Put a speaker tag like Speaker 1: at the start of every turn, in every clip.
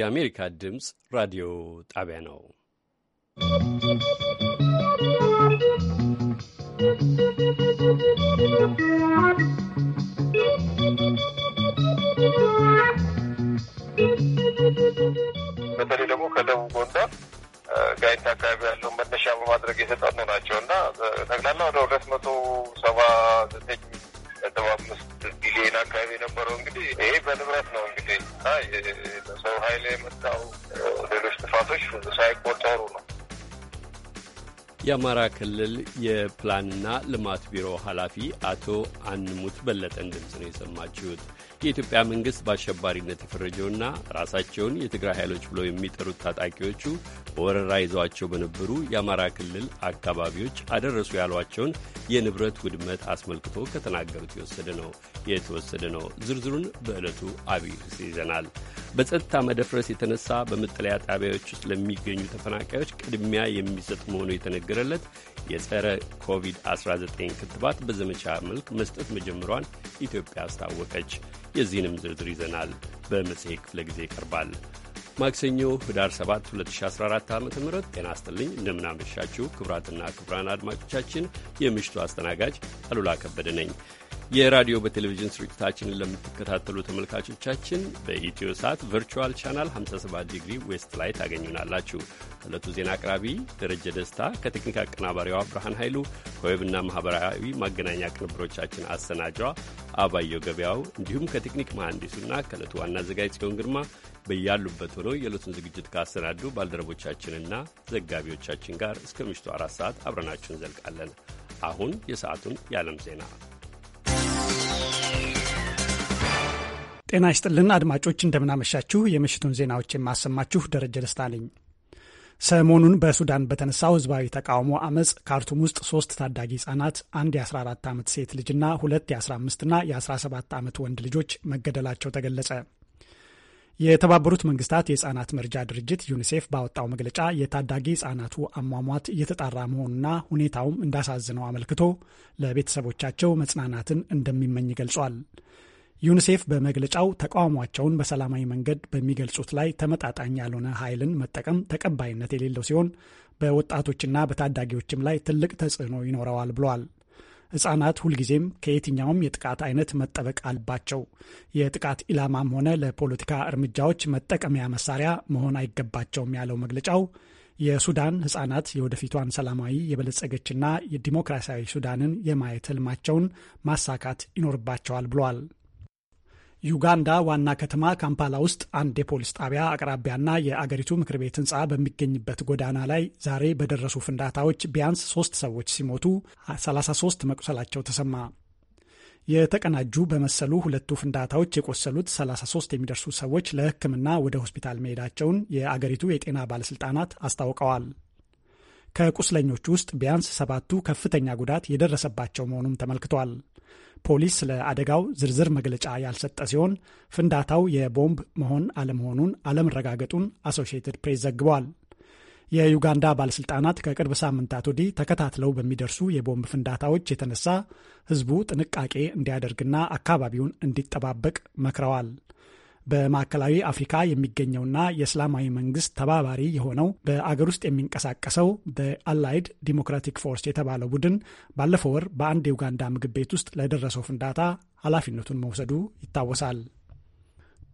Speaker 1: የአሜሪካ ድምፅ ራዲዮ ጣቢያ ነው።
Speaker 2: በተለይ ደግሞ ከደቡብ ጎንደር
Speaker 3: ጋይንት አካባቢ ያለውን መነሻ በማድረግ የተጠኑ ናቸው እና ጠቅላላ ወደ ሁለት መቶ ሰባ ዘጠኝ ነጥብ አምስት ቢሊዮን አካባቢ የነበረው እንግዲህ ይሄ
Speaker 2: በንብረት ነው እንግዲህ እና በሰው ኃይል የመጣው ሌሎች ጥፋቶች
Speaker 3: ሳይቆጠሩ ነው።
Speaker 1: የአማራ ክልል የፕላንና ልማት ቢሮ ኃላፊ አቶ አንሙት በለጠን ድምፅ ነው የሰማችሁት። የኢትዮጵያ መንግሥት በአሸባሪነት የፈረጀውና ራሳቸውን የትግራይ ኃይሎች ብለው የሚጠሩት ታጣቂዎቹ በወረራ ይዘዋቸው በነበሩ የአማራ ክልል አካባቢዎች አደረሱ ያሏቸውን የንብረት ውድመት አስመልክቶ ከተናገሩት የወሰደ ነው የተወሰደ ነው። ዝርዝሩን በዕለቱ አብይ ይዘናል። በጸጥታ መደፍረስ የተነሳ በመጠለያ ጣቢያዎች ውስጥ ለሚገኙ ተፈናቃዮች ቅድሚያ የሚሰጥ መሆኑ የተነገረለት የጸረ ኮቪድ-19 ክትባት በዘመቻ መልክ መስጠት መጀመሯን ኢትዮጵያ አስታወቀች። የዚህንም ዝርዝር ይዘናል። በመጽሔት ክፍለ ጊዜ ይቀርባል። ማክሰኞ ህዳር 7 2014 ዓ ም ጤና ይስጥልኝ። እንደምናመሻችሁ ክቡራትና ክቡራን አድማጮቻችን የምሽቱ አስተናጋጅ አሉላ ከበደ ነኝ። የራዲዮ በቴሌቪዥን ስርጭታችንን ለምትከታተሉ ተመልካቾቻችን በኢትዮ ሳት ቨርቹዋል ቻናል 57 ዲግሪ ዌስት ላይ ታገኙናላችሁ። ከእለቱ ዜና አቅራቢ ደረጀ ደስታ ከቴክኒክ አቀናባሪዋ ብርሃን ኃይሉ ከዌብና ማኅበራዊ ማገናኛ ቅንብሮቻችን አሰናጇ አባየው ገበያው እንዲሁም ከቴክኒክ መሐንዲሱና ከእለቱ ዋና አዘጋጅ ጽዮን ግርማ በያሉበት ሆነው የዕለቱን ዝግጅት ካሰናዱ ባልደረቦቻችንና ዘጋቢዎቻችን ጋር እስከ ምሽቱ አራት ሰዓት አብረናችሁ እንዘልቃለን። አሁን የሰዓቱን የዓለም ዜና
Speaker 4: ጤና ይስጥልን አድማጮች፣ እንደምናመሻችሁ። የምሽቱን ዜናዎች የማሰማችሁ ደረጀ ደስታ ነኝ። ሰሞኑን በሱዳን በተነሳው ህዝባዊ ተቃውሞ አመፅ ካርቱም ውስጥ ሶስት ታዳጊ ህጻናት፣ አንድ የ14 ዓመት ሴት ልጅና ሁለት የ15ና የ17 ዓመት ወንድ ልጆች መገደላቸው ተገለጸ። የተባበሩት መንግስታት የህጻናት መርጃ ድርጅት ዩኒሴፍ ባወጣው መግለጫ የታዳጊ ህጻናቱ አሟሟት እየተጣራ መሆኑና ሁኔታውም እንዳሳዝነው አመልክቶ ለቤተሰቦቻቸው መጽናናትን እንደሚመኝ ገልጿል። ዩኒሴፍ በመግለጫው ተቃውሟቸውን በሰላማዊ መንገድ በሚገልጹት ላይ ተመጣጣኝ ያልሆነ ኃይልን መጠቀም ተቀባይነት የሌለው ሲሆን በወጣቶችና በታዳጊዎችም ላይ ትልቅ ተጽዕኖ ይኖረዋል ብለዋል። ሕጻናት ሁልጊዜም ከየትኛውም የጥቃት አይነት መጠበቅ አለባቸው። የጥቃት ኢላማም ሆነ ለፖለቲካ እርምጃዎች መጠቀሚያ መሳሪያ መሆን አይገባቸውም ያለው መግለጫው የሱዳን ሕጻናት የወደፊቷን ሰላማዊ የበለጸገችና የዲሞክራሲያዊ ሱዳንን የማየት ህልማቸውን ማሳካት ይኖርባቸዋል ብሏል። ዩጋንዳ ዋና ከተማ ካምፓላ ውስጥ አንድ የፖሊስ ጣቢያ አቅራቢያና የአገሪቱ ምክር ቤት ህንፃ በሚገኝበት ጎዳና ላይ ዛሬ በደረሱ ፍንዳታዎች ቢያንስ ሶስት ሰዎች ሲሞቱ 33 መቁሰላቸው ተሰማ። የተቀናጁ በመሰሉ ሁለቱ ፍንዳታዎች የቆሰሉት 33 የሚደርሱ ሰዎች ለሕክምና ወደ ሆስፒታል መሄዳቸውን የአገሪቱ የጤና ባለሥልጣናት አስታውቀዋል። ከቁስለኞቹ ውስጥ ቢያንስ ሰባቱ ከፍተኛ ጉዳት የደረሰባቸው መሆኑም ተመልክቷል። ፖሊስ ለአደጋው ዝርዝር መግለጫ ያልሰጠ ሲሆን ፍንዳታው የቦምብ መሆን አለመሆኑን አለመረጋገጡን አሶሺየትድ ፕሬስ ዘግቧል። የዩጋንዳ ባለሥልጣናት ከቅርብ ሳምንታት ወዲህ ተከታትለው በሚደርሱ የቦምብ ፍንዳታዎች የተነሳ ሕዝቡ ጥንቃቄ እንዲያደርግና አካባቢውን እንዲጠባበቅ መክረዋል። በማዕከላዊ አፍሪካ የሚገኘውና የእስላማዊ መንግስት ተባባሪ የሆነው በአገር ውስጥ የሚንቀሳቀሰው በአላይድ ዲሞክራቲክ ፎርስ የተባለው ቡድን ባለፈው ወር በአንድ የኡጋንዳ ምግብ ቤት ውስጥ ለደረሰው ፍንዳታ ኃላፊነቱን መውሰዱ ይታወሳል።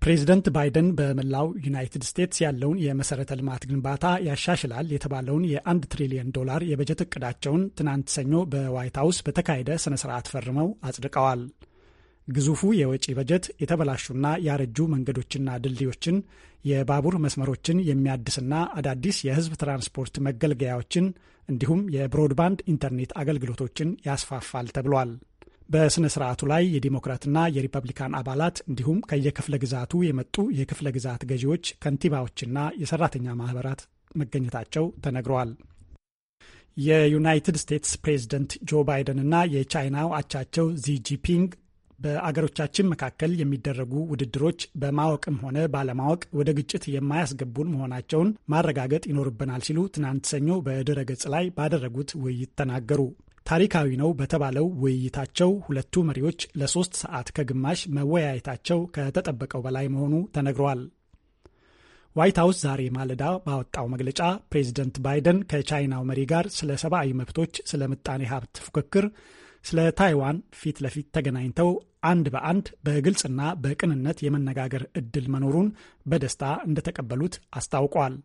Speaker 4: ፕሬዚደንት ባይደን በመላው ዩናይትድ ስቴትስ ያለውን የመሰረተ ልማት ግንባታ ያሻሽላል የተባለውን የአንድ ትሪሊየን ዶላር የበጀት እቅዳቸውን ትናንት ሰኞ በዋይት ሀውስ በተካሄደ ስነ ስርዓት ፈርመው አጽድቀዋል። ግዙፉ የወጪ በጀት የተበላሹና ያረጁ መንገዶችና ድልድዮችን፣ የባቡር መስመሮችን የሚያድስና አዳዲስ የህዝብ ትራንስፖርት መገልገያዎችን እንዲሁም የብሮድባንድ ኢንተርኔት አገልግሎቶችን ያስፋፋል ተብሏል። በሥነ ሥርዓቱ ላይ የዲሞክራትና የሪፐብሊካን አባላት እንዲሁም ከየክፍለ ግዛቱ የመጡ የክፍለ ግዛት ገዢዎች፣ ከንቲባዎችና የሠራተኛ ማኅበራት መገኘታቸው ተነግረዋል። የዩናይትድ ስቴትስ ፕሬዝደንት ጆ ባይደንና የቻይናው አቻቸው ዚጂፒንግ በአገሮቻችን መካከል የሚደረጉ ውድድሮች በማወቅም ሆነ ባለማወቅ ወደ ግጭት የማያስገቡን መሆናቸውን ማረጋገጥ ይኖርብናል ሲሉ ትናንት ሰኞ በድረ ገጽ ላይ ባደረጉት ውይይት ተናገሩ። ታሪካዊ ነው በተባለው ውይይታቸው ሁለቱ መሪዎች ለሶስት ሰዓት ከግማሽ መወያየታቸው ከተጠበቀው በላይ መሆኑ ተነግሯል። ዋይት ሀውስ ዛሬ ማለዳ ባወጣው መግለጫ ፕሬዚደንት ባይደን ከቻይናው መሪ ጋር ስለ ሰብአዊ መብቶች፣ ስለ ምጣኔ ሀብት ፉክክር ስለ ታይዋን ፊት ለፊት ተገናኝተው አንድ በአንድ በግልጽና በቅንነት የመነጋገር እድል መኖሩን በደስታ እንደተቀበሉት አስታውቋል።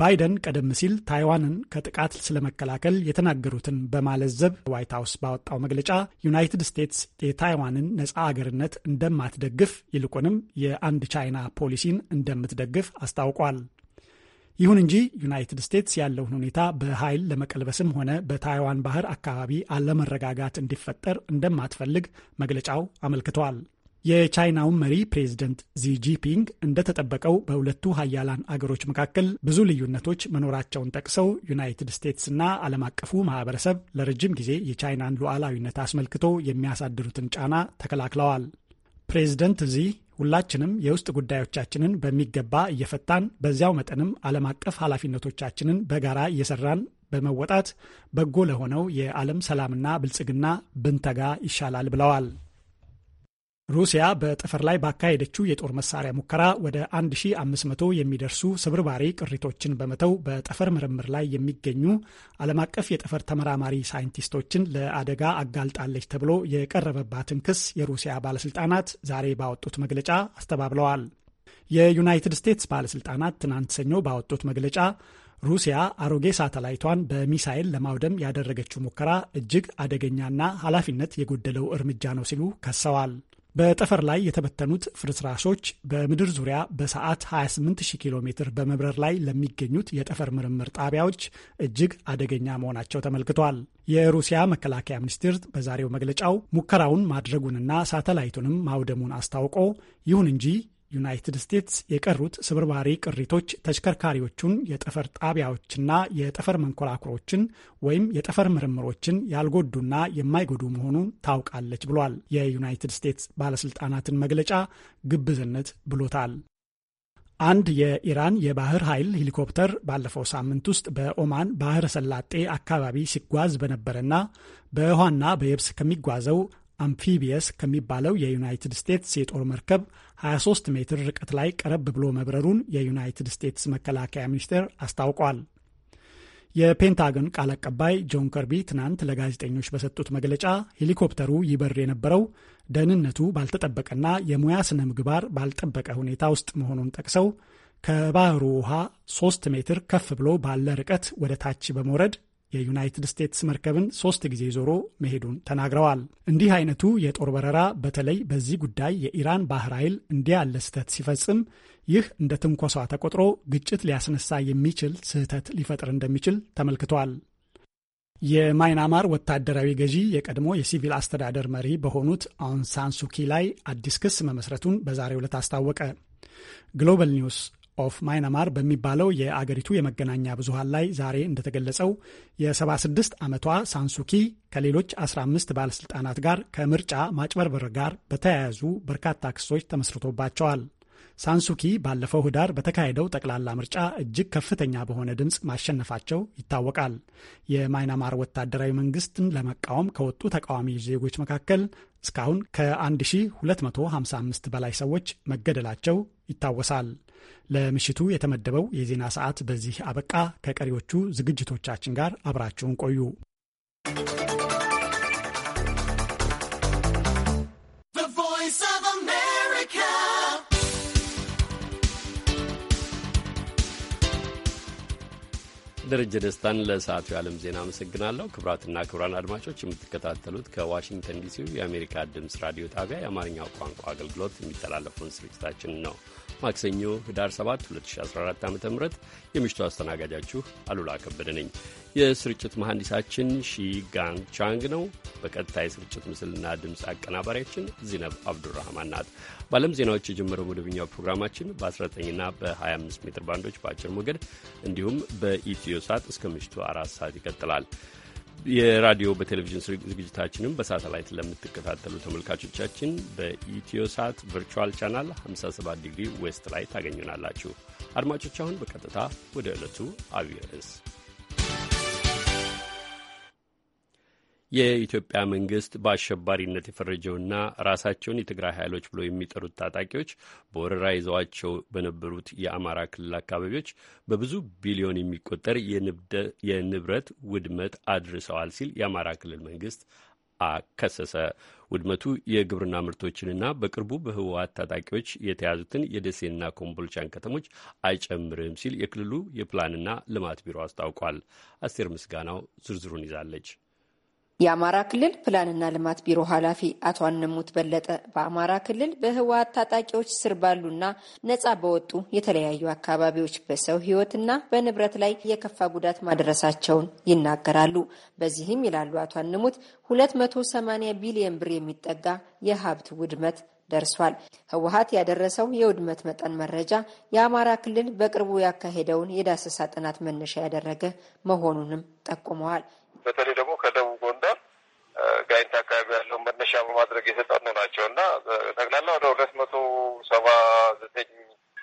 Speaker 4: ባይደን ቀደም ሲል ታይዋንን ከጥቃት ስለመከላከል የተናገሩትን በማለዘብ ዋይት ሀውስ ባወጣው መግለጫ ዩናይትድ ስቴትስ የታይዋንን ነፃ አገርነት እንደማትደግፍ ይልቁንም የአንድ ቻይና ፖሊሲን እንደምትደግፍ አስታውቋል። ይሁን እንጂ ዩናይትድ ስቴትስ ያለውን ሁኔታ በኃይል ለመቀልበስም ሆነ በታይዋን ባህር አካባቢ አለመረጋጋት እንዲፈጠር እንደማትፈልግ መግለጫው አመልክቷል። የቻይናውን መሪ ፕሬዚደንት ዚጂፒንግ እንደተጠበቀው በሁለቱ ሀያላን አገሮች መካከል ብዙ ልዩነቶች መኖራቸውን ጠቅሰው ዩናይትድ ስቴትስና ዓለም አቀፉ ማህበረሰብ ለረጅም ጊዜ የቻይናን ሉዓላዊነት አስመልክቶ የሚያሳድሩትን ጫና ተከላክለዋል። ፕሬዚደንት ዚ ሁላችንም የውስጥ ጉዳዮቻችንን በሚገባ እየፈታን በዚያው መጠንም ዓለም አቀፍ ኃላፊነቶቻችንን በጋራ እየሰራን በመወጣት በጎ ለሆነው የዓለም ሰላምና ብልጽግና ብንተጋ ይሻላል ብለዋል። ሩሲያ በጠፈር ላይ ባካሄደችው የጦር መሳሪያ ሙከራ ወደ 1500 የሚደርሱ ስብርባሪ ቅሪቶችን በመተው በጠፈር ምርምር ላይ የሚገኙ ዓለም አቀፍ የጠፈር ተመራማሪ ሳይንቲስቶችን ለአደጋ አጋልጣለች ተብሎ የቀረበባትን ክስ የሩሲያ ባለስልጣናት ዛሬ ባወጡት መግለጫ አስተባብለዋል። የዩናይትድ ስቴትስ ባለስልጣናት ትናንት ሰኞ ባወጡት መግለጫ ሩሲያ አሮጌ ሳተላይቷን በሚሳይል ለማውደም ያደረገችው ሙከራ እጅግ አደገኛና ኃላፊነት የጎደለው እርምጃ ነው ሲሉ ከሰዋል። በጠፈር ላይ የተበተኑት ፍርስራሾች በምድር ዙሪያ በሰዓት 28000 ኪሎ ሜትር በመብረር ላይ ለሚገኙት የጠፈር ምርምር ጣቢያዎች እጅግ አደገኛ መሆናቸው ተመልክቷል። የሩሲያ መከላከያ ሚኒስቴር በዛሬው መግለጫው ሙከራውን ማድረጉንና ሳተላይቱንም ማውደሙን አስታውቆ ይሁን እንጂ ዩናይትድ ስቴትስ የቀሩት ስብርባሪ ቅሪቶች ተሽከርካሪዎቹን፣ የጠፈር ጣቢያዎችና የጠፈር መንኮራኩሮችን ወይም የጠፈር ምርምሮችን ያልጎዱና የማይጎዱ መሆኑን ታውቃለች ብሏል። የዩናይትድ ስቴትስ ባለስልጣናትን መግለጫ ግብዝነት ብሎታል። አንድ የኢራን የባህር ኃይል ሄሊኮፕተር ባለፈው ሳምንት ውስጥ በኦማን ባህረ ሰላጤ አካባቢ ሲጓዝ በነበረና በውሃና በየብስ ከሚጓዘው አምፊቢየስ ከሚባለው የዩናይትድ ስቴትስ የጦር መርከብ 23 ሜትር ርቀት ላይ ቀረብ ብሎ መብረሩን የዩናይትድ ስቴትስ መከላከያ ሚኒስቴር አስታውቋል። የፔንታገን ቃል አቀባይ ጆን ከርቢ ትናንት ለጋዜጠኞች በሰጡት መግለጫ ሄሊኮፕተሩ ይበር የነበረው ደህንነቱ ባልተጠበቀና የሙያ ስነ ምግባር ባልጠበቀ ሁኔታ ውስጥ መሆኑን ጠቅሰው ከባህሩ ውሃ 3 ሜትር ከፍ ብሎ ባለ ርቀት ወደ ታች በመውረድ የዩናይትድ ስቴትስ መርከብን ሶስት ጊዜ ዞሮ መሄዱን ተናግረዋል። እንዲህ አይነቱ የጦር በረራ በተለይ በዚህ ጉዳይ የኢራን ባህር ኃይል እንዲህ ያለ ስህተት ሲፈጽም ይህ እንደ ትንኮሷ ተቆጥሮ ግጭት ሊያስነሳ የሚችል ስህተት ሊፈጥር እንደሚችል ተመልክቷል። የማይናማር ወታደራዊ ገዢ የቀድሞ የሲቪል አስተዳደር መሪ በሆኑት አውንሳንሱኪ ላይ አዲስ ክስ መመስረቱን በዛሬው ዕለት አስታወቀ። ግሎባል ኒውስ ኦፍ ማይናማር በሚባለው የአገሪቱ የመገናኛ ብዙሃን ላይ ዛሬ እንደተገለጸው የ76 ዓመቷ ሳንሱኪ ከሌሎች 15 ባለሥልጣናት ጋር ከምርጫ ማጭበርበር ጋር በተያያዙ በርካታ ክሶች ተመስርቶባቸዋል። ሳንሱኪ ባለፈው ህዳር በተካሄደው ጠቅላላ ምርጫ እጅግ ከፍተኛ በሆነ ድምፅ ማሸነፋቸው ይታወቃል። የማይናማር ወታደራዊ መንግስትን ለመቃወም ከወጡ ተቃዋሚ ዜጎች መካከል እስካሁን ከ1255 በላይ ሰዎች መገደላቸው ይታወሳል። ለምሽቱ የተመደበው የዜና ሰዓት በዚህ አበቃ። ከቀሪዎቹ ዝግጅቶቻችን ጋር አብራችሁን ቆዩ።
Speaker 1: ደረጀ ደስታን ለሰዓቱ የዓለም ዜና አመሰግናለሁ። ክቡራትና ክቡራን አድማጮች የምትከታተሉት ከዋሽንግተን ዲሲው የአሜሪካ ድምፅ ራዲዮ ጣቢያ የአማርኛው ቋንቋ አገልግሎት የሚተላለፈውን ስርጭታችን ነው። ማክሰኞ ህዳር 7 2014 ዓ ም የምሽቱ አስተናጋጃችሁ አሉላ ከበደ ነኝ። የስርጭት መሐንዲሳችን ሺጋን ቻንግ ነው። በቀጥታ የስርጭት ምስልና ድምፅ አቀናባሪያችን ዚነብ አብዱራህማን ናት። በዓለም ዜናዎች የጀመረው መደበኛው ፕሮግራማችን በ19ና በ25 ሜትር ባንዶች በአጭር ሞገድ እንዲሁም በኢትዮ ሳት እስከ ምሽቱ አራት ሰዓት ይቀጥላል። የራዲዮ በቴሌቪዥን ዝግጅታችንም በሳተላይት ለምትከታተሉ ተመልካቾቻችን በኢትዮ ሳት ቨርቹዋል ቻናል 57 ዲግሪ ዌስት ላይ ታገኙናላችሁ። አድማጮች አሁን በቀጥታ ወደ ዕለቱ አብይ ርዕስ የኢትዮጵያ መንግስት በአሸባሪነት የፈረጀውና ራሳቸውን የትግራይ ኃይሎች ብሎ የሚጠሩት ታጣቂዎች በወረራ ይዘዋቸው በነበሩት የአማራ ክልል አካባቢዎች በብዙ ቢሊዮን የሚቆጠር የንብረት ውድመት አድርሰዋል ሲል የአማራ ክልል መንግስት አከሰሰ። ውድመቱ የግብርና ምርቶችንና በቅርቡ በህወሀት ታጣቂዎች የተያዙትን የደሴና ኮምቦልቻን ከተሞች አይጨምርም ሲል የክልሉ የፕላንና ልማት ቢሮ አስታውቋል። አስቴር ምስጋናው ዝርዝሩን ይዛለች።
Speaker 5: የአማራ ክልል ፕላንና ልማት ቢሮ ኃላፊ አቶ አነሙት በለጠ በአማራ ክልል በህወሀት ታጣቂዎች ስር ባሉና ነጻ በወጡ የተለያዩ አካባቢዎች በሰው ህይወትና በንብረት ላይ የከፋ ጉዳት ማድረሳቸውን ይናገራሉ። በዚህም ይላሉ አቶ አነሙት 280 ቢሊዮን ብር የሚጠጋ የሀብት ውድመት ደርሷል። ህወሀት ያደረሰው የውድመት መጠን መረጃ የአማራ ክልል በቅርቡ ያካሄደውን የዳሰሳ ጥናት መነሻ ያደረገ መሆኑንም ጠቁመዋል። በተለይ ደግሞ ጋይንት አካባቢ ያለውን መነሻ
Speaker 3: በማድረግ የተጠኑ ናቸው እና ጠቅላላ ወደ ሁለት መቶ ሰባ ዘጠኝ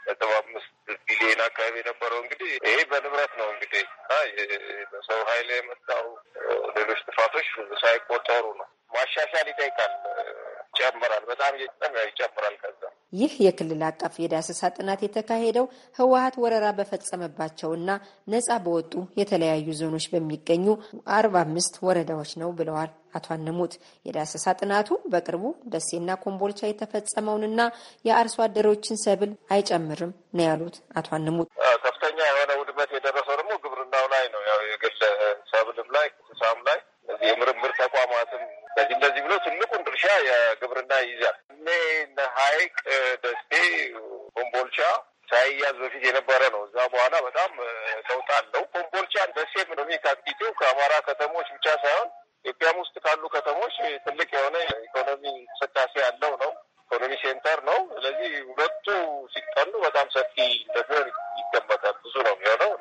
Speaker 3: ነጥብ አምስት ቢሊዮን አካባቢ የነበረው እንግዲህ ይሄ በንብረት ነው እንግዲህ በሰው ኃይል የመጣው ሌሎች ጥፋቶች ሳይቆጠሩ ነው። ማሻሻል
Speaker 6: ይጠይቃል። ይጨምራል። በጣም እየጨመረ ይጨምራል።
Speaker 5: ይህ የክልል አቀፍ የዳሰሳ ጥናት የተካሄደው ህወሀት ወረራ በፈጸመባቸውና ነጻ በወጡ የተለያዩ ዞኖች በሚገኙ አርባ አምስት ወረዳዎች ነው ብለዋል አቶ አነሙት። የዳሰሳ ጥናቱ በቅርቡ ደሴና ኮምቦልቻ የተፈጸመውንና የአርሶ አደሮችን ሰብል አይጨምርም ነው ያሉት አቶ አነሙት። ከፍተኛ የሆነ ውድመት የደረሰው ደግሞ ግብርናው ላይ ነው። ያው የግል
Speaker 3: ሰብልም ላይ እንስሳም ላይ የምርምር ተቋማትም በዚህ እንደዚህ ብሎ ትልቁን ድርሻ የግብርና ይይዛል። ሀይቅ ደሴ፣ ኮምቦልቻ ሳይያዝ በፊት የነበረ ነው። እዛ በኋላ በጣም ለውጥ አለው። ኮምቦልቻን ደሴ ምኖሚ ካፒቴው ከአማራ ከተሞች ብቻ ሳይሆን ኢትዮጵያም ውስጥ ካሉ ከተሞች ትልቅ የሆነ ኢኮኖሚ እንቅስቃሴ ያለው ነው።
Speaker 5: ኢኮኖሚ ሴንተር ነው። ስለዚህ ሁለቱ ሲጠኑ በጣም ሰፊ እንደሚሆን ይገመታል። ብዙ ነው የሚሆነው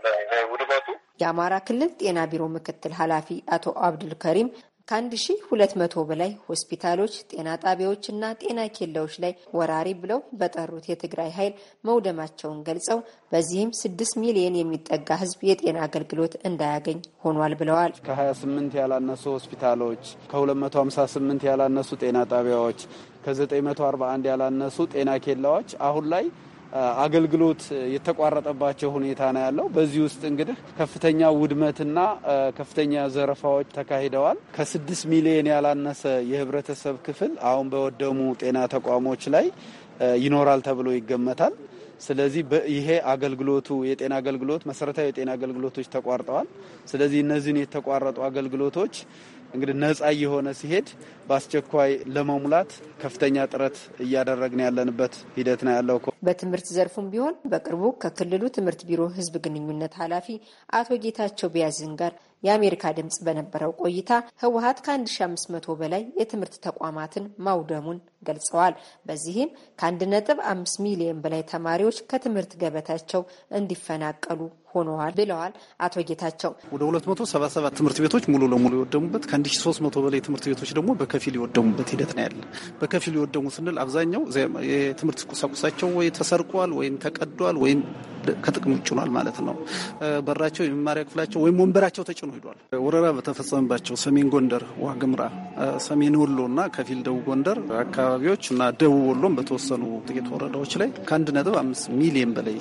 Speaker 5: ውድመቱ። የአማራ ክልል ጤና ቢሮ ምክትል ኃላፊ አቶ አብዱል ከሪም ከ1200 በላይ ሆስፒታሎች፣ ጤና ጣቢያዎች እና ጤና ኬላዎች ላይ ወራሪ ብለው በጠሩት የትግራይ ኃይል መውደማቸውን ገልጸው በዚህም 6 ሚሊዮን የሚጠጋ ሕዝብ የጤና አገልግሎት እንዳያገኝ ሆኗል
Speaker 7: ብለዋል። ከ28 ያላነሱ ሆስፒታሎች፣ ከ258 ያላነሱ ጤና ጣቢያዎች፣ ከ941 ያላነሱ ጤና ኬላዎች አሁን ላይ አገልግሎት የተቋረጠባቸው ሁኔታ ነው ያለው። በዚህ ውስጥ እንግዲህ ከፍተኛ ውድመትና ከፍተኛ ዘረፋዎች ተካሂደዋል። ከስድስት ሚሊዮን ያላነሰ የህብረተሰብ ክፍል አሁን በወደሙ ጤና ተቋሞች ላይ ይኖራል ተብሎ ይገመታል። ስለዚህ ይሄ አገልግሎቱ የጤና አገልግሎት መሰረታዊ የጤና አገልግሎቶች ተቋርጠዋል። ስለዚህ እነዚህን የተቋረጡ አገልግሎቶች እንግዲህ ነጻ እየሆነ ሲሄድ በአስቸኳይ ለመሙላት ከፍተኛ ጥረት እያደረግን ያለንበት ሂደት ነው ያለው። በትምህርት
Speaker 5: ዘርፉም ቢሆን በቅርቡ ከክልሉ ትምህርት ቢሮ ሕዝብ ግንኙነት ኃላፊ አቶ ጌታቸው ቢያዝን ጋር የአሜሪካ ድምፅ በነበረው ቆይታ ህወሀት ከ1500 በላይ የትምህርት ተቋማትን ማውደሙን ገልጸዋል። በዚህም ከ1.5 ሚሊዮን በላይ ተማሪዎች ከትምህርት ገበታቸው እንዲፈናቀሉ ሆነዋል ብለዋል አቶ ጌታቸው።
Speaker 7: ወደ 277 ትምህርት ቤቶች ሙሉ ለሙሉ የወደሙበት ከ1300 በላይ ትምህርት ቤቶች ደግሞ በከፊል የወደሙበት ሂደት ነው ያለ። በከፊል የወደሙ ስንል አብዛኛው የትምህርት ቁሳቁሳቸው ወይ ተሰርቋል ወይም ተቀዷል ወይም ከጥቅም ውጭ ሆኗል ማለት ነው። በራቸው የመማሪያ ክፍላቸው ወይም ወንበራቸው ተጭኖ ሂዷል። ወረራ በተፈጸመባቸው ሰሜን ጎንደር፣ ዋግምራ፣ ሰሜን ወሎ እና ከፊል ደቡብ ጎንደር አካባቢዎች እና ደቡብ ወሎም በተወሰኑ ጥቂት ወረዳዎች ላይ ከአንድ ነጥብ አምስት ሚሊዮን በላይ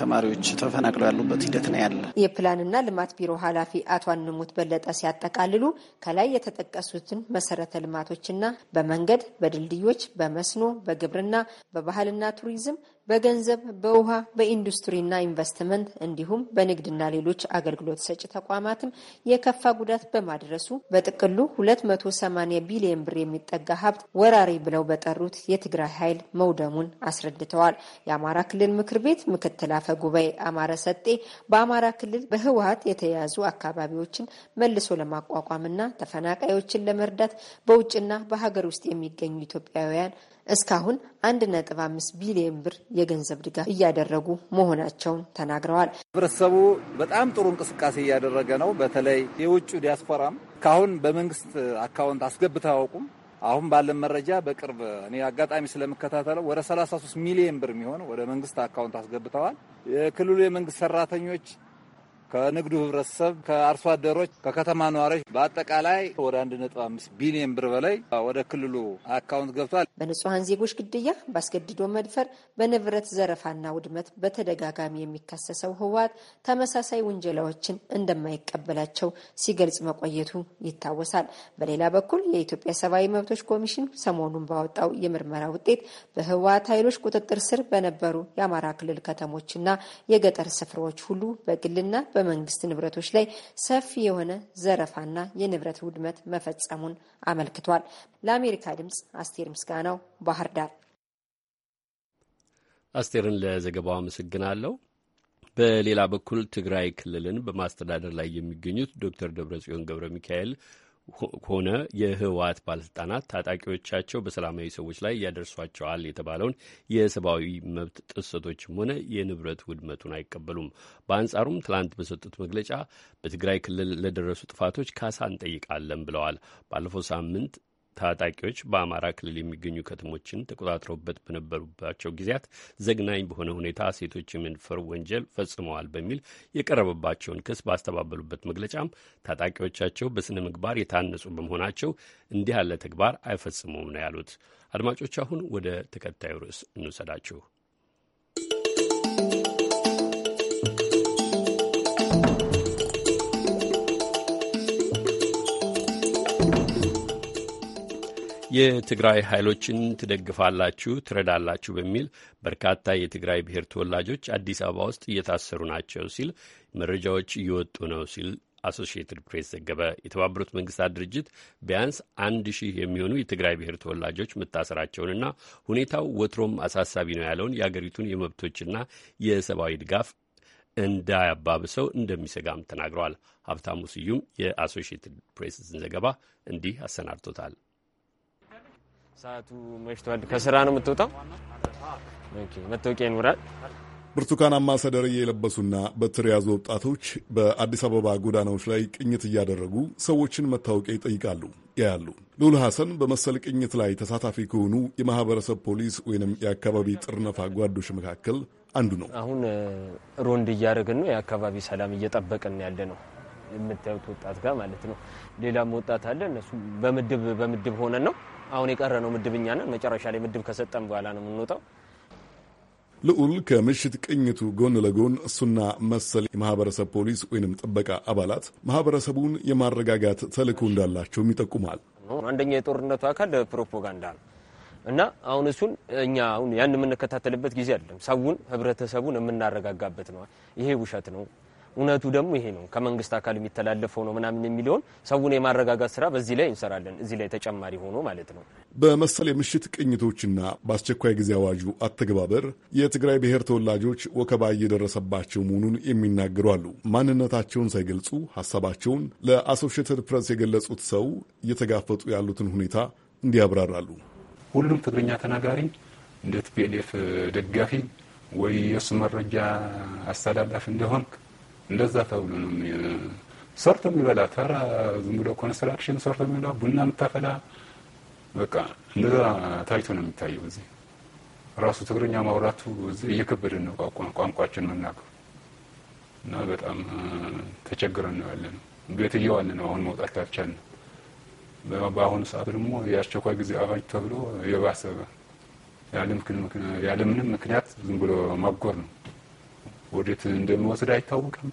Speaker 7: ተማሪዎች ተፈናቅለው ያሉበት ሂደት ነው ያለ።
Speaker 5: የፕላንና ልማት ቢሮ ኃላፊ አቶ አንሙት በለጠ ሲያጠቃልሉ ከላይ የተጠቀሱትን መሰረተ ልማቶችና በመንገድ፣ በድልድዮች፣ በመስኖ፣ በግብርና፣ በባህልና ቱሪዝም በገንዘብ፣ በውሃ፣ በኢንዱስትሪና ኢንቨስትመንት እንዲሁም በንግድና ሌሎች አገልግሎት ሰጪ ተቋማትም የከፋ ጉዳት በማድረሱ በጥቅሉ 280 ቢሊዮን ብር የሚጠጋ ሀብት ወራሪ ብለው በጠሩት የትግራይ ኃይል መውደሙን አስረድተዋል። የአማራ ክልል ምክር ቤት ምክትል አፈ ጉባኤ አማረ ሰጤ በአማራ ክልል በህወሀት የተያዙ አካባቢዎችን መልሶ ለማቋቋምና ተፈናቃዮችን ለመርዳት በውጭና በሀገር ውስጥ የሚገኙ ኢትዮጵያውያን እስካሁን አንድ ነጥብ ቢሊዮን ብር የገንዘብ ድጋፍ እያደረጉ መሆናቸውን ተናግረዋል።
Speaker 7: ህብረተሰቡ በጣም ጥሩ እንቅስቃሴ እያደረገ ነው። በተለይ የውጭ ዲያስፖራም እስካሁን በመንግስት አካውንት አስገብተ አያውቁም። አሁን ባለን መረጃ በቅርብ እኔ አጋጣሚ ስለምከታተለው ወደ 33 ሚሊዮን ብር የሚሆን ወደ መንግስት አካውንት አስገብተዋል። የክልሉ የመንግስት ሰራተኞች ከንግዱ ህብረተሰብ፣
Speaker 3: ከአርሶ አደሮች፣ ከከተማ ነዋሪዎች በአጠቃላይ ወደ 1.5 ቢሊዮን ብር በላይ ወደ ክልሉ አካውንት ገብቷል። በንጹሐን ዜጎች ግድያ፣ በአስገድዶ መድፈር፣
Speaker 5: በንብረት ዘረፋና ውድመት በተደጋጋሚ የሚከሰሰው ህወሓት ተመሳሳይ ውንጀላዎችን እንደማይቀበላቸው ሲገልጽ መቆየቱ ይታወሳል። በሌላ በኩል የኢትዮጵያ ሰብአዊ መብቶች ኮሚሽን ሰሞኑን ባወጣው የምርመራ ውጤት በህወሓት ኃይሎች ቁጥጥር ስር በነበሩ የአማራ ክልል ከተሞችና የገጠር ስፍራዎች ሁሉ በግልና በ በመንግስት ንብረቶች ላይ ሰፊ የሆነ ዘረፋና የንብረት ውድመት መፈጸሙን አመልክቷል። ለአሜሪካ ድምጽ አስቴር ምስጋናው ባህር ዳር።
Speaker 1: አስቴርን ለዘገባው አመሰግናለሁ። በሌላ በኩል ትግራይ ክልልን በማስተዳደር ላይ የሚገኙት ዶክተር ደብረጽዮን ገብረ ሚካኤል ሆነ የህወሓት ባለስልጣናት ታጣቂዎቻቸው በሰላማዊ ሰዎች ላይ ያደርሷቸዋል የተባለውን የሰብአዊ መብት ጥሰቶችም ሆነ የንብረት ውድመቱን አይቀበሉም። በአንጻሩም ትላንት በሰጡት መግለጫ በትግራይ ክልል ለደረሱ ጥፋቶች ካሳ እንጠይቃለን ብለዋል። ባለፈው ሳምንት ታጣቂዎች በአማራ ክልል የሚገኙ ከተሞችን ተቆጣጥረውበት በነበሩባቸው ጊዜያት ዘግናኝ በሆነ ሁኔታ ሴቶች የመድፈር ወንጀል ፈጽመዋል በሚል የቀረበባቸውን ክስ ባስተባበሉበት መግለጫም ታጣቂዎቻቸው በስነ ምግባር የታነጹ በመሆናቸው እንዲህ ያለ ተግባር አይፈጽሙም ነው ያሉት። አድማጮች አሁን ወደ ተከታዩ ርዕስ እንውሰዳችሁ። የትግራይ ኃይሎችን ትደግፋላችሁ፣ ትረዳላችሁ በሚል በርካታ የትግራይ ብሔር ተወላጆች አዲስ አበባ ውስጥ እየታሰሩ ናቸው ሲል መረጃዎች እየወጡ ነው ሲል አሶሺየትድ ፕሬስ ዘገበ። የተባበሩት መንግስታት ድርጅት ቢያንስ አንድ ሺህ የሚሆኑ የትግራይ ብሔር ተወላጆች መታሰራቸውንና ሁኔታው ወትሮም አሳሳቢ ነው ያለውን የአገሪቱን የመብቶችና የሰብአዊ ድጋፍ እንዳያባብሰው እንደሚሰጋም ተናግረዋል። ሀብታሙ ስዩም የአሶሺየትድ ፕሬስን ዘገባ እንዲህ አሰናድቶታል።
Speaker 8: ሰዓቱ መሽቷል። ከስራ ነው የምትወጣው? መታወቂያ ይኖራል።
Speaker 9: ብርቱካናማ ሰደርዬ የለበሱና በትር የያዙ ወጣቶች በአዲስ አበባ ጎዳናዎች ላይ ቅኝት እያደረጉ ሰዎችን መታወቂያ ይጠይቃሉ ያያሉ። ሉል ሐሰን በመሰል ቅኝት ላይ ተሳታፊ ከሆኑ የማህበረሰብ ፖሊስ ወይንም የአካባቢ ጥርነፋ ጓዶች መካከል አንዱ ነው። አሁን ሮንድ እያደረግን ነው። የአካባቢ ሰላም እየጠበቅን ያለ ነው
Speaker 8: የምታዩት ወጣት ጋር ማለት ነው። ሌላም ወጣት አለ። እነሱ በምድብ በምድብ ሆነን ነው አሁን የቀረ ነው ምድብኛ ነን። መጨረሻ ላይ ምድብ ከሰጠን በኋላ ነው የምንወጣው።
Speaker 9: ልዑል ከምሽት ቅኝቱ ጎን ለጎን እሱና መሰል የማህበረሰብ ፖሊስ ወይንም ጥበቃ አባላት ማህበረሰቡን የማረጋጋት ተልዕኮ እንዳላቸውም ይጠቁማል።
Speaker 8: አንደኛ የጦርነቱ አካል ፕሮፓጋንዳ ነው እና አሁን እሱን እኛ አሁን ያን የምንከታተልበት ጊዜ አይደለም። ሰውን ህብረተሰቡን የምናረጋጋበት ነው። ይሄ ውሸት ነው እውነቱ ደግሞ ይሄ ነው፣ ከመንግስት አካል የሚተላለፈው ነው ምናምን የሚለውን ሰውን የማረጋጋት ስራ በዚህ ላይ እንሰራለን። እዚህ ላይ ተጨማሪ ሆኖ ማለት ነው።
Speaker 9: በመሰል የምሽት ቅኝቶችና በአስቸኳይ ጊዜ አዋጁ አተገባበር የትግራይ ብሔር ተወላጆች ወከባ እየደረሰባቸው መሆኑን የሚናገሩ አሉ። ማንነታቸውን ሳይገልጹ ሀሳባቸውን ለአሶሽትድ ፕሬስ የገለጹት ሰው እየተጋፈጡ ያሉትን ሁኔታ እንዲያብራራሉ።
Speaker 10: ሁሉም ትግርኛ ተናጋሪ እንደ ቲፒኤልኤፍ ደጋፊ ወይ የእሱ መረጃ አስተላላፊ እንደሆንክ እንደዛ ተብሎ ነው ሰርቶ የሚበላ ተራ ዝም ብሎ ኮንስትራክሽን ሰርቶ የሚበላ ቡና የምታፈላ በቃ እንደዛ ታይቶ ነው የሚታየው። እዚህ ራሱ ትግርኛ ማውራቱ እዚህ እየከበደን ነው ቋንቋችን መናገሩ እና በጣም ተቸግረን ነው ያለ ነው። ቤት እየዋለ ነው አሁን መውጣት ነው። በአሁኑ ሰዓት ደግሞ የአስቸኳይ ጊዜ አዋጅ ተብሎ የባሰበ ያለምንም ምክንያት ዝም ብሎ
Speaker 9: ማጎር ነው። ወዴት እንደሚወስድ አይታወቅም።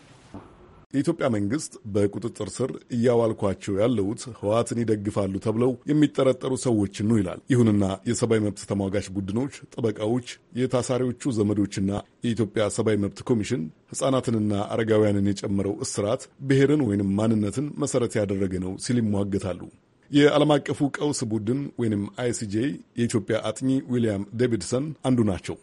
Speaker 9: የኢትዮጵያ መንግስት በቁጥጥር ስር እያዋልኳቸው ያለሁት ህወሓትን ይደግፋሉ ተብለው የሚጠረጠሩ ሰዎችን ነው ይላል። ይሁንና የሰብአዊ መብት ተሟጋች ቡድኖች ጠበቃዎች፣ የታሳሪዎቹ ዘመዶችና የኢትዮጵያ ሰብአዊ መብት ኮሚሽን ሕፃናትንና አረጋውያንን የጨመረው እስራት ብሔርን ወይንም ማንነትን መሰረት ያደረገ ነው ሲል ይሟገታሉ። የዓለም አቀፉ ቀውስ ቡድን ወይንም አይሲጄ የኢትዮጵያ አጥኚ ዊልያም ዴቪድሰን አንዱ ናቸው።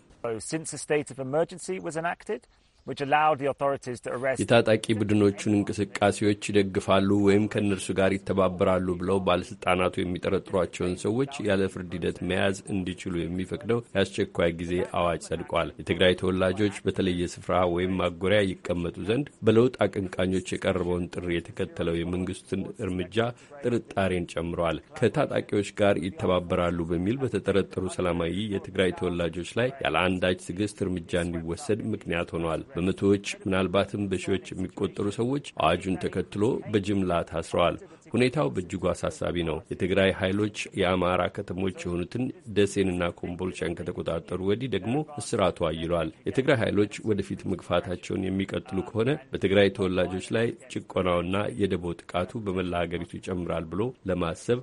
Speaker 9: የታጣቂ ቡድኖቹን እንቅስቃሴዎች
Speaker 1: ይደግፋሉ ወይም ከእነርሱ ጋር ይተባበራሉ ብለው ባለሥልጣናቱ የሚጠረጥሯቸውን ሰዎች ያለ ፍርድ ሂደት መያዝ እንዲችሉ የሚፈቅደው የአስቸኳይ ጊዜ አዋጅ ጸድቋል። የትግራይ ተወላጆች በተለየ ስፍራ ወይም ማጎሪያ ይቀመጡ ዘንድ በለውጥ አቀንቃኞች የቀረበውን ጥሪ የተከተለው የመንግስትን እርምጃ ጥርጣሬን ጨምረዋል። ከታጣቂዎች ጋር ይተባበራሉ በሚል በተጠረጠሩ ሰላማዊ የትግራይ ተወላጆች ላይ ያለ አንዳች ትዕግስት እርምጃ እንዲወሰድ ምክንያት ሆኗል። በመቶዎች ምናልባትም በሺዎች የሚቆጠሩ ሰዎች አዋጁን ተከትሎ በጅምላ ታስረዋል። ሁኔታው በእጅጉ አሳሳቢ ነው። የትግራይ ኃይሎች የአማራ ከተሞች የሆኑትን ደሴንና ኮምቦልቻን ከተቆጣጠሩ ወዲህ ደግሞ እስራቱ አይሏል። የትግራይ ኃይሎች ወደፊት መግፋታቸውን የሚቀጥሉ ከሆነ በትግራይ ተወላጆች ላይ ጭቆናውና የደቦ ጥቃቱ በመላ ሀገሪቱ ይጨምራል ብሎ ለማሰብ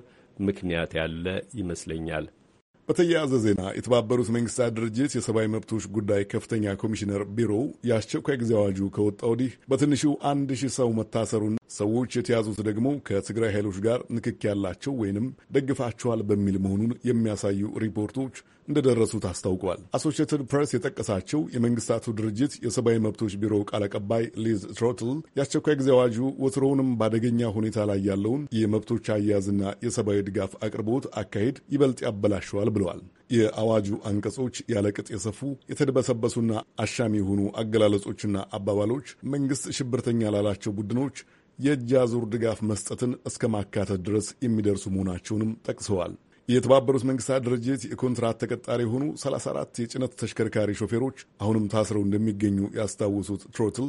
Speaker 1: ምክንያት ያለ
Speaker 9: ይመስለኛል። በተያያዘ ዜና የተባበሩት መንግስታት ድርጅት የሰብአዊ መብቶች ጉዳይ ከፍተኛ ኮሚሽነር ቢሮው የአስቸኳይ ጊዜ አዋጁ ከወጣ ወዲህ በትንሹ አንድ ሺህ ሰው መታሰሩን ሰዎች የተያዙት ደግሞ ከትግራይ ኃይሎች ጋር ንክክ ያላቸው ወይንም ደግፋቸዋል በሚል መሆኑን የሚያሳዩ ሪፖርቶች እንደደረሱት አስታውቋል። አሶሽትድ ፕሬስ የጠቀሳቸው የመንግስታቱ ድርጅት የሰብአዊ መብቶች ቢሮ ቃል አቀባይ ሊዝ ትሮትል የአስቸኳይ ጊዜ አዋጁ ወትሮውንም በአደገኛ ሁኔታ ላይ ያለውን የመብቶች አያያዝና የሰብአዊ ድጋፍ አቅርቦት አካሄድ ይበልጥ ያበላሸዋል ብለዋል። የአዋጁ አንቀጾች ያለቅጥ የሰፉ የተደበሰበሱና አሻሚ የሆኑ አገላለጾችና አባባሎች መንግስት ሽብርተኛ ላላቸው ቡድኖች የእጅ አዙር ድጋፍ መስጠትን እስከ ማካተት ድረስ የሚደርሱ መሆናቸውንም ጠቅሰዋል። የተባበሩት መንግስታት ድርጅት የኮንትራት ተቀጣሪ የሆኑ 34 የጭነት ተሽከርካሪ ሾፌሮች አሁንም ታስረው እንደሚገኙ ያስታወሱት ትሮትል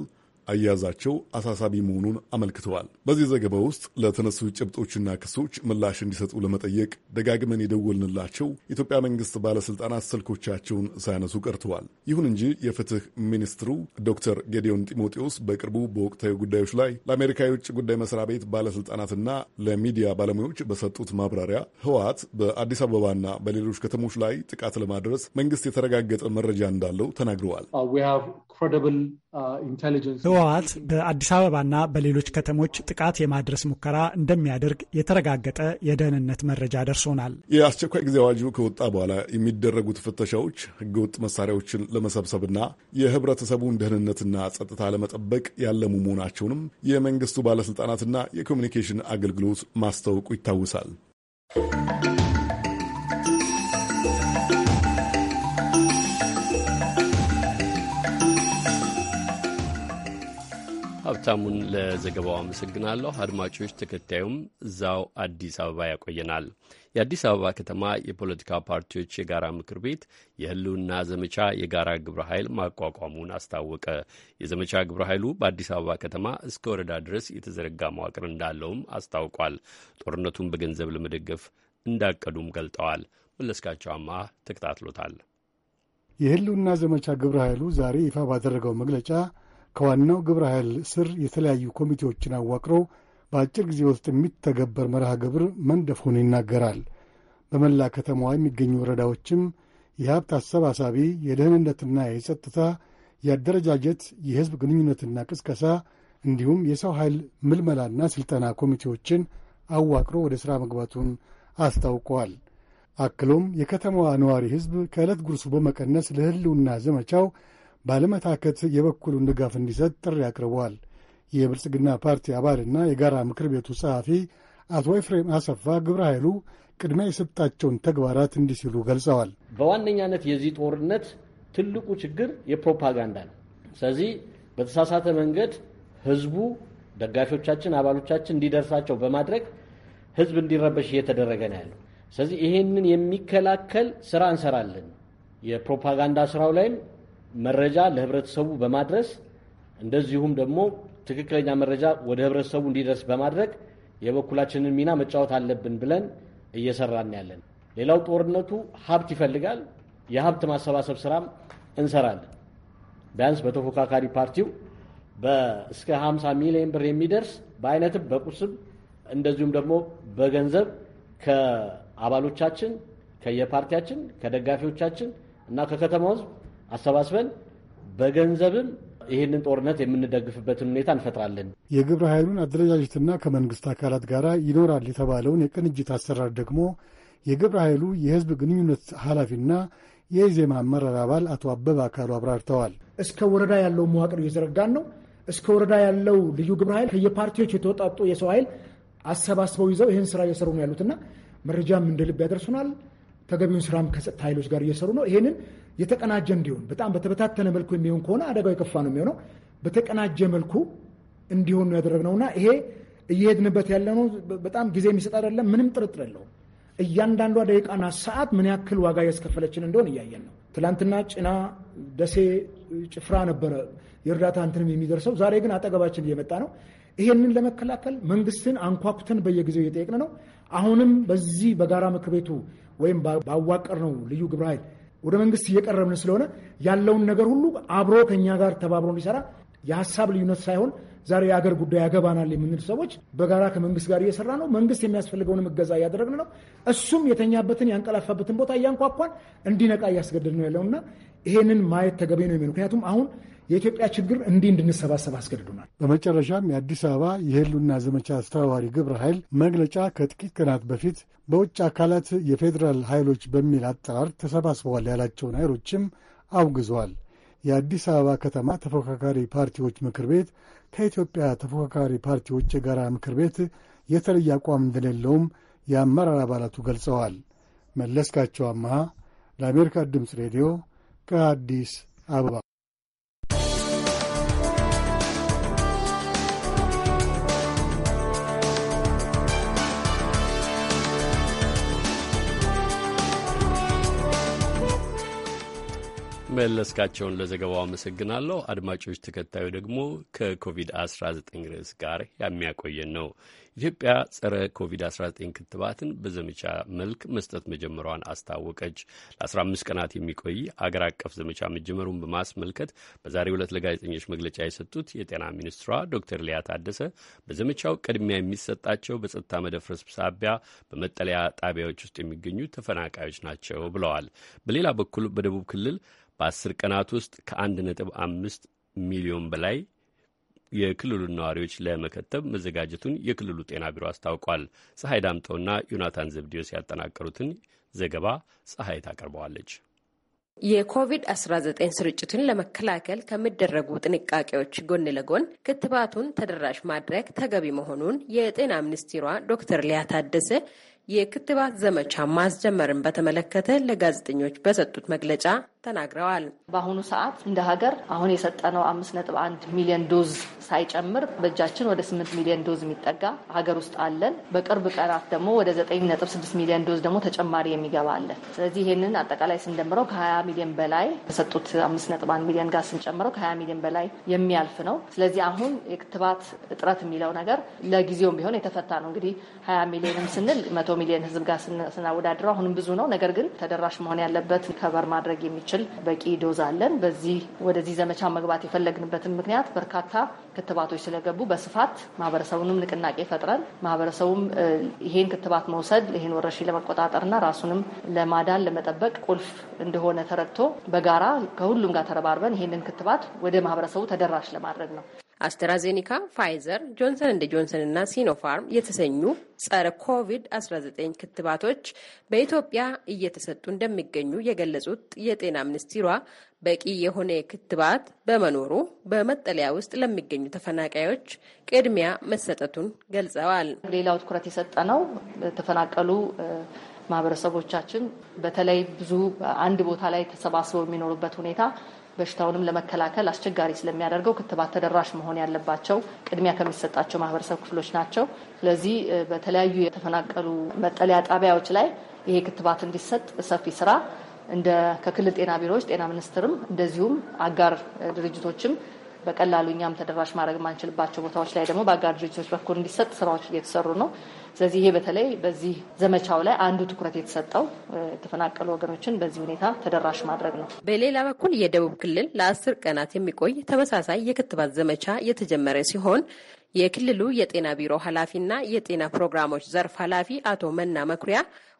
Speaker 9: አያያዛቸው አሳሳቢ መሆኑን አመልክተዋል። በዚህ ዘገባ ውስጥ ለተነሱ ጭብጦችና ክሶች ምላሽ እንዲሰጡ ለመጠየቅ ደጋግመን የደወልንላቸው የኢትዮጵያ መንግስት ባለስልጣናት ስልኮቻቸውን ሳያነሱ ቀርተዋል። ይሁን እንጂ የፍትህ ሚኒስትሩ ዶክተር ጌዲዮን ጢሞቴዎስ በቅርቡ በወቅታዊ ጉዳዮች ላይ ለአሜሪካ የውጭ ጉዳይ መስሪያ ቤት ባለስልጣናትና ለሚዲያ ባለሙያዎች በሰጡት ማብራሪያ ህወሓት በአዲስ አበባና በሌሎች ከተሞች ላይ ጥቃት ለማድረስ መንግስት የተረጋገጠ መረጃ እንዳለው ተናግረዋል።
Speaker 4: uh, ህወሓት በአዲስ አበባና በሌሎች ከተሞች ጥቃት የማድረስ ሙከራ እንደሚያደርግ የተረጋገጠ የደህንነት መረጃ ደርሶናል።
Speaker 9: የአስቸኳይ ጊዜ አዋጁ ከወጣ በኋላ የሚደረጉት ፍተሻዎች ህገወጥ መሳሪያዎችን ለመሰብሰብና የህብረተሰቡን ደህንነትና ጸጥታ ለመጠበቅ ያለሙ መሆናቸውንም የመንግስቱ ባለስልጣናትና የኮሚኒኬሽን አገልግሎት ማስታወቁ ይታወሳል።
Speaker 1: ሀብታሙን ለዘገባው አመሰግናለሁ። አድማጮች፣ ተከታዩም እዛው አዲስ አበባ ያቆየናል። የአዲስ አበባ ከተማ የፖለቲካ ፓርቲዎች የጋራ ምክር ቤት የህልውና ዘመቻ የጋራ ግብረ ኃይል ማቋቋሙን አስታወቀ። የዘመቻ ግብረ ኃይሉ በአዲስ አበባ ከተማ እስከ ወረዳ ድረስ የተዘረጋ መዋቅር እንዳለውም አስታውቋል። ጦርነቱን በገንዘብ ለመደገፍ እንዳቀዱም ገልጠዋል። መለስካቸው አማ ተከታትሎታል።
Speaker 11: የህልውና ዘመቻ ግብረ ኃይሉ ዛሬ ይፋ ባደረገው መግለጫ ከዋናው ግብረ ኃይል ስር የተለያዩ ኮሚቴዎችን አዋቅሮ በአጭር ጊዜ ውስጥ የሚተገበር መርሃ ግብር መንደፉን ይናገራል። በመላ ከተማዋ የሚገኙ ወረዳዎችም የሀብት አሰባሳቢ፣ የደህንነትና የጸጥታ፣ የአደረጃጀት፣ የሕዝብ ግንኙነትና ቅስቀሳ እንዲሁም የሰው ኃይል ምልመላና ሥልጠና ኮሚቴዎችን አዋቅሮ ወደ ሥራ መግባቱን አስታውቀዋል። አክሎም የከተማዋ ነዋሪ ሕዝብ ከዕለት ጉርሱ በመቀነስ ለህልውና ዘመቻው ባለመታከት የበኩሉን ድጋፍ እንዲሰጥ ጥሪ አቅርበዋል። የብልጽግና ፓርቲ አባልና የጋራ ምክር ቤቱ ጸሐፊ አቶ ኤፍሬም አሰፋ ግብረ ኃይሉ ቅድሚያ የሰጣቸውን ተግባራት እንዲህ ሲሉ ገልጸዋል።
Speaker 2: በዋነኛነት የዚህ ጦርነት ትልቁ ችግር የፕሮፓጋንዳ ነው። ስለዚህ በተሳሳተ መንገድ ህዝቡ፣ ደጋፊዎቻችን፣ አባሎቻችን እንዲደርሳቸው በማድረግ ህዝብ እንዲረበሽ እየተደረገ ነው ያለው። ስለዚህ ይህንን የሚከላከል ስራ እንሰራለን። የፕሮፓጋንዳ ስራው ላይም መረጃ ለህብረተሰቡ በማድረስ እንደዚሁም ደግሞ ትክክለኛ መረጃ ወደ ህብረተሰቡ እንዲደርስ በማድረግ የበኩላችንን ሚና መጫወት አለብን ብለን እየሰራን ያለን። ሌላው ጦርነቱ ሀብት ይፈልጋል። የሀብት ማሰባሰብ ስራም እንሰራለን። ቢያንስ በተፎካካሪ ፓርቲው እስከ 50 ሚሊዮን ብር የሚደርስ በአይነትም በቁስም እንደዚሁም ደግሞ በገንዘብ ከአባሎቻችን ከየፓርቲያችን ከደጋፊዎቻችን እና ከከተማ ህዝብ አሰባስበን በገንዘብም ይህንን ጦርነት የምንደግፍበትን ሁኔታ እንፈጥራለን።
Speaker 11: የግብረ ኃይሉን አደረጃጀትና ከመንግስት አካላት ጋር ይኖራል የተባለውን የቅንጅት አሰራር ደግሞ የግብረ ኃይሉ የህዝብ ግንኙነት ኃላፊና የኢዜማ አመራር አባል አቶ አበበ አካሉ አብራርተዋል።
Speaker 12: እስከ ወረዳ ያለው መዋቅር እየዘረጋን ነው። እስከ ወረዳ ያለው ልዩ ግብረ ኃይል ከየፓርቲዎች የተወጣጡ የሰው ኃይል አሰባስበው ይዘው ይህን ስራ እየሰሩ ነው ያሉትና መረጃም እንደ ልብ ያደርሱናል። ተገቢውን ስራም ከጸጥታ ኃይሎች ጋር እየሰሩ ነው። ይሄንን የተቀናጀ እንዲሆን በጣም በተበታተነ መልኩ የሚሆን ከሆነ አደጋው የከፋ ነው የሚሆነው። በተቀናጀ መልኩ እንዲሆን ነው ያደረግነውና ይሄ እየሄድንበት ያለነው በጣም ጊዜ የሚሰጥ አይደለም። ምንም ጥርጥር የለውም። እያንዳንዷ ደቂቃና ሰዓት ምን ያክል ዋጋ ያስከፈለችን እንደሆን እያየን ነው። ትላንትና ጭና ደሴ ጭፍራ ነበረ የእርዳታ እንትንም የሚደርሰው ዛሬ ግን አጠገባችን እየመጣ ነው። ይሄንን ለመከላከል መንግስትን አንኳኩተን በየጊዜው እየጠየቅን ነው። አሁንም በዚህ በጋራ ምክር ቤቱ ወይም ባዋቀር ነው ልዩ ግብረ ኃይል ወደ መንግስት እየቀረብን ስለሆነ ያለውን ነገር ሁሉ አብሮ ከኛ ጋር ተባብሮ እንዲሰራ የሀሳብ ልዩነት ሳይሆን ዛሬ የአገር ጉዳይ ያገባናል የምንል ሰዎች በጋራ ከመንግስት ጋር እየሰራ ነው። መንግስት የሚያስፈልገውንም እገዛ እያደረግን ነው። እሱም የተኛበትን ያንቀላፋበትን ቦታ እያንኳኳን እንዲነቃ እያስገደድ ነው ያለውና ይሄንን ማየት ተገቢ ነው። ምክንያቱም አሁን የኢትዮጵያ ችግር እንዲህ እንድንሰባሰብ አስገድዱናል።
Speaker 11: በመጨረሻም የአዲስ አበባ የህሉና ዘመቻ አስተባባሪ ግብረ ኃይል መግለጫ ከጥቂት ቀናት በፊት በውጭ አካላት የፌዴራል ኃይሎች በሚል አጠራር ተሰባስበዋል ያላቸውን ኃይሎችም አውግዟል። የአዲስ አበባ ከተማ ተፎካካሪ ፓርቲዎች ምክር ቤት ከኢትዮጵያ ተፎካካሪ ፓርቲዎች የጋራ ምክር ቤት የተለየ አቋም እንደሌለውም የአመራር አባላቱ ገልጸዋል። መለስካቸው አመሃ ለአሜሪካ ድምፅ ሬዲዮ ከአዲስ አበባ
Speaker 1: መለስካቸውን ለዘገባው አመሰግናለሁ። አድማጮች፣ ተከታዩ ደግሞ ከኮቪድ-19 ርዕስ ጋር የሚያቆየን ነው። ኢትዮጵያ ጸረ ኮቪድ-19 ክትባትን በዘመቻ መልክ መስጠት መጀመሯን አስታወቀች። ለ15 ቀናት የሚቆይ አገር አቀፍ ዘመቻ መጀመሩን በማስመልከት በዛሬው ዕለት ለጋዜጠኞች መግለጫ የሰጡት የጤና ሚኒስትሯ ዶክተር ሊያ ታደሰ በዘመቻው ቅድሚያ የሚሰጣቸው በጸጥታ መደፍረስ ሳቢያ በመጠለያ ጣቢያዎች ውስጥ የሚገኙ ተፈናቃዮች ናቸው ብለዋል። በሌላ በኩል በደቡብ ክልል በአስር ቀናት ውስጥ ከአንድ ነጥብ አምስት ሚሊዮን በላይ የክልሉን ነዋሪዎች ለመከተብ መዘጋጀቱን የክልሉ ጤና ቢሮ አስታውቋል። ፀሐይ ዳምጠውና ዮናታን ዘብዲዮስ ያጠናቀሩትን ዘገባ ፀሐይ ታቀርበዋለች።
Speaker 13: የኮቪድ-19 ስርጭትን ለመከላከል ከሚደረጉ ጥንቃቄዎች ጎን ለጎን ክትባቱን ተደራሽ ማድረግ ተገቢ መሆኑን የጤና ሚኒስትሯ ዶክተር ሊያ ታደሰ የክትባት ዘመቻ ማስጀመርን በተመለከተ ለጋዜጠኞች በሰጡት መግለጫ
Speaker 14: ተናግረዋል። በአሁኑ ሰዓት እንደ ሀገር አሁን የሰጠነው አምስት ነጥብ አንድ ሚሊዮን ዶዝ ሳይጨምር በእጃችን ወደ ስምንት ሚሊዮን ዶዝ የሚጠጋ ሀገር ውስጥ አለን። በቅርብ ቀናት ደግሞ ወደ ዘጠኝ ነጥብ ስድስት ሚሊዮን ዶዝ ደግሞ ተጨማሪ የሚገባ አለን። ስለዚህ ይህንን አጠቃላይ ስንደምረው ከሀያ ሚሊዮን በላይ ከሰጡት አምስት ነጥብ አንድ ሚሊዮን ጋር ስንጨምረው ከሀያ ሚሊዮን በላይ የሚያልፍ ነው። ስለዚህ አሁን የክትባት እጥረት የሚለው ነገር ለጊዜውም ቢሆን የተፈታ ነው። እንግዲህ ሀያ ሚሊዮንም ስንል መቶ ሚሊዮን ህዝብ ጋር ስናወዳድረው አሁንም ብዙ ነው። ነገር ግን ተደራሽ መሆን ያለበት ከበር ማድረግ የሚችል በቂ ዶዝ አለን። በዚህ ወደዚህ ዘመቻ መግባት የፈለግንበትን ምክንያት በርካታ ክትባቶች ስለገቡ በስፋት ማህበረሰቡንም ንቅናቄ ፈጥረን ማህበረሰቡም ይሄን ክትባት መውሰድ ይሄን ወረርሽኝ ለመቆጣጠርና ራሱንም ለማዳን ለመጠበቅ ቁልፍ እንደሆነ ተረድቶ በጋራ ከሁሉም ጋር ተረባርበን ይሄንን ክትባት ወደ ማህበረሰቡ ተደራሽ ለማድረግ ነው።
Speaker 13: አስትራዜኒካ፣ ፋይዘር፣ ጆንሰን እንደ ጆንሰን እና ሲኖፋርም የተሰኙ ጸረ ኮቪድ-19 ክትባቶች በኢትዮጵያ እየተሰጡ እንደሚገኙ የገለጹት የጤና ሚኒስትሯ በቂ የሆነ ክትባት በመኖሩ በመጠለያ ውስጥ ለሚገኙ ተፈናቃዮች ቅድሚያ መሰጠቱን
Speaker 14: ገልጸዋል። ሌላው ትኩረት የሰጠ ነው ተፈናቀሉ ማህበረሰቦቻችን በተለይ ብዙ አንድ ቦታ ላይ ተሰባስበው የሚኖሩበት ሁኔታ በሽታውንም ለመከላከል አስቸጋሪ ስለሚያደርገው ክትባት ተደራሽ መሆን ያለባቸው ቅድሚያ ከሚሰጣቸው ማህበረሰብ ክፍሎች ናቸው። ስለዚህ በተለያዩ የተፈናቀሉ መጠለያ ጣቢያዎች ላይ ይሄ ክትባት እንዲሰጥ ሰፊ ስራ እንደ ከክልል ጤና ቢሮዎች ጤና ሚኒስትርም እንደዚሁም አጋር ድርጅቶችም በቀላሉ እኛም ተደራሽ ማድረግ የማንችልባቸው ቦታዎች ላይ ደግሞ በአጋር ድርጅቶች በኩል እንዲሰጥ ስራዎች እየተሰሩ ነው። ስለዚህ ይሄ በተለይ በዚህ ዘመቻው ላይ አንዱ ትኩረት የተሰጠው የተፈናቀሉ ወገኖችን በዚህ ሁኔታ ተደራሽ ማድረግ ነው። በሌላ በኩል የደቡብ ክልል ለአስር
Speaker 13: ቀናት የሚቆይ ተመሳሳይ የክትባት ዘመቻ የተጀመረ ሲሆን የክልሉ የጤና ቢሮ ኃላፊና የጤና ፕሮግራሞች ዘርፍ ኃላፊ አቶ መና መኩሪያ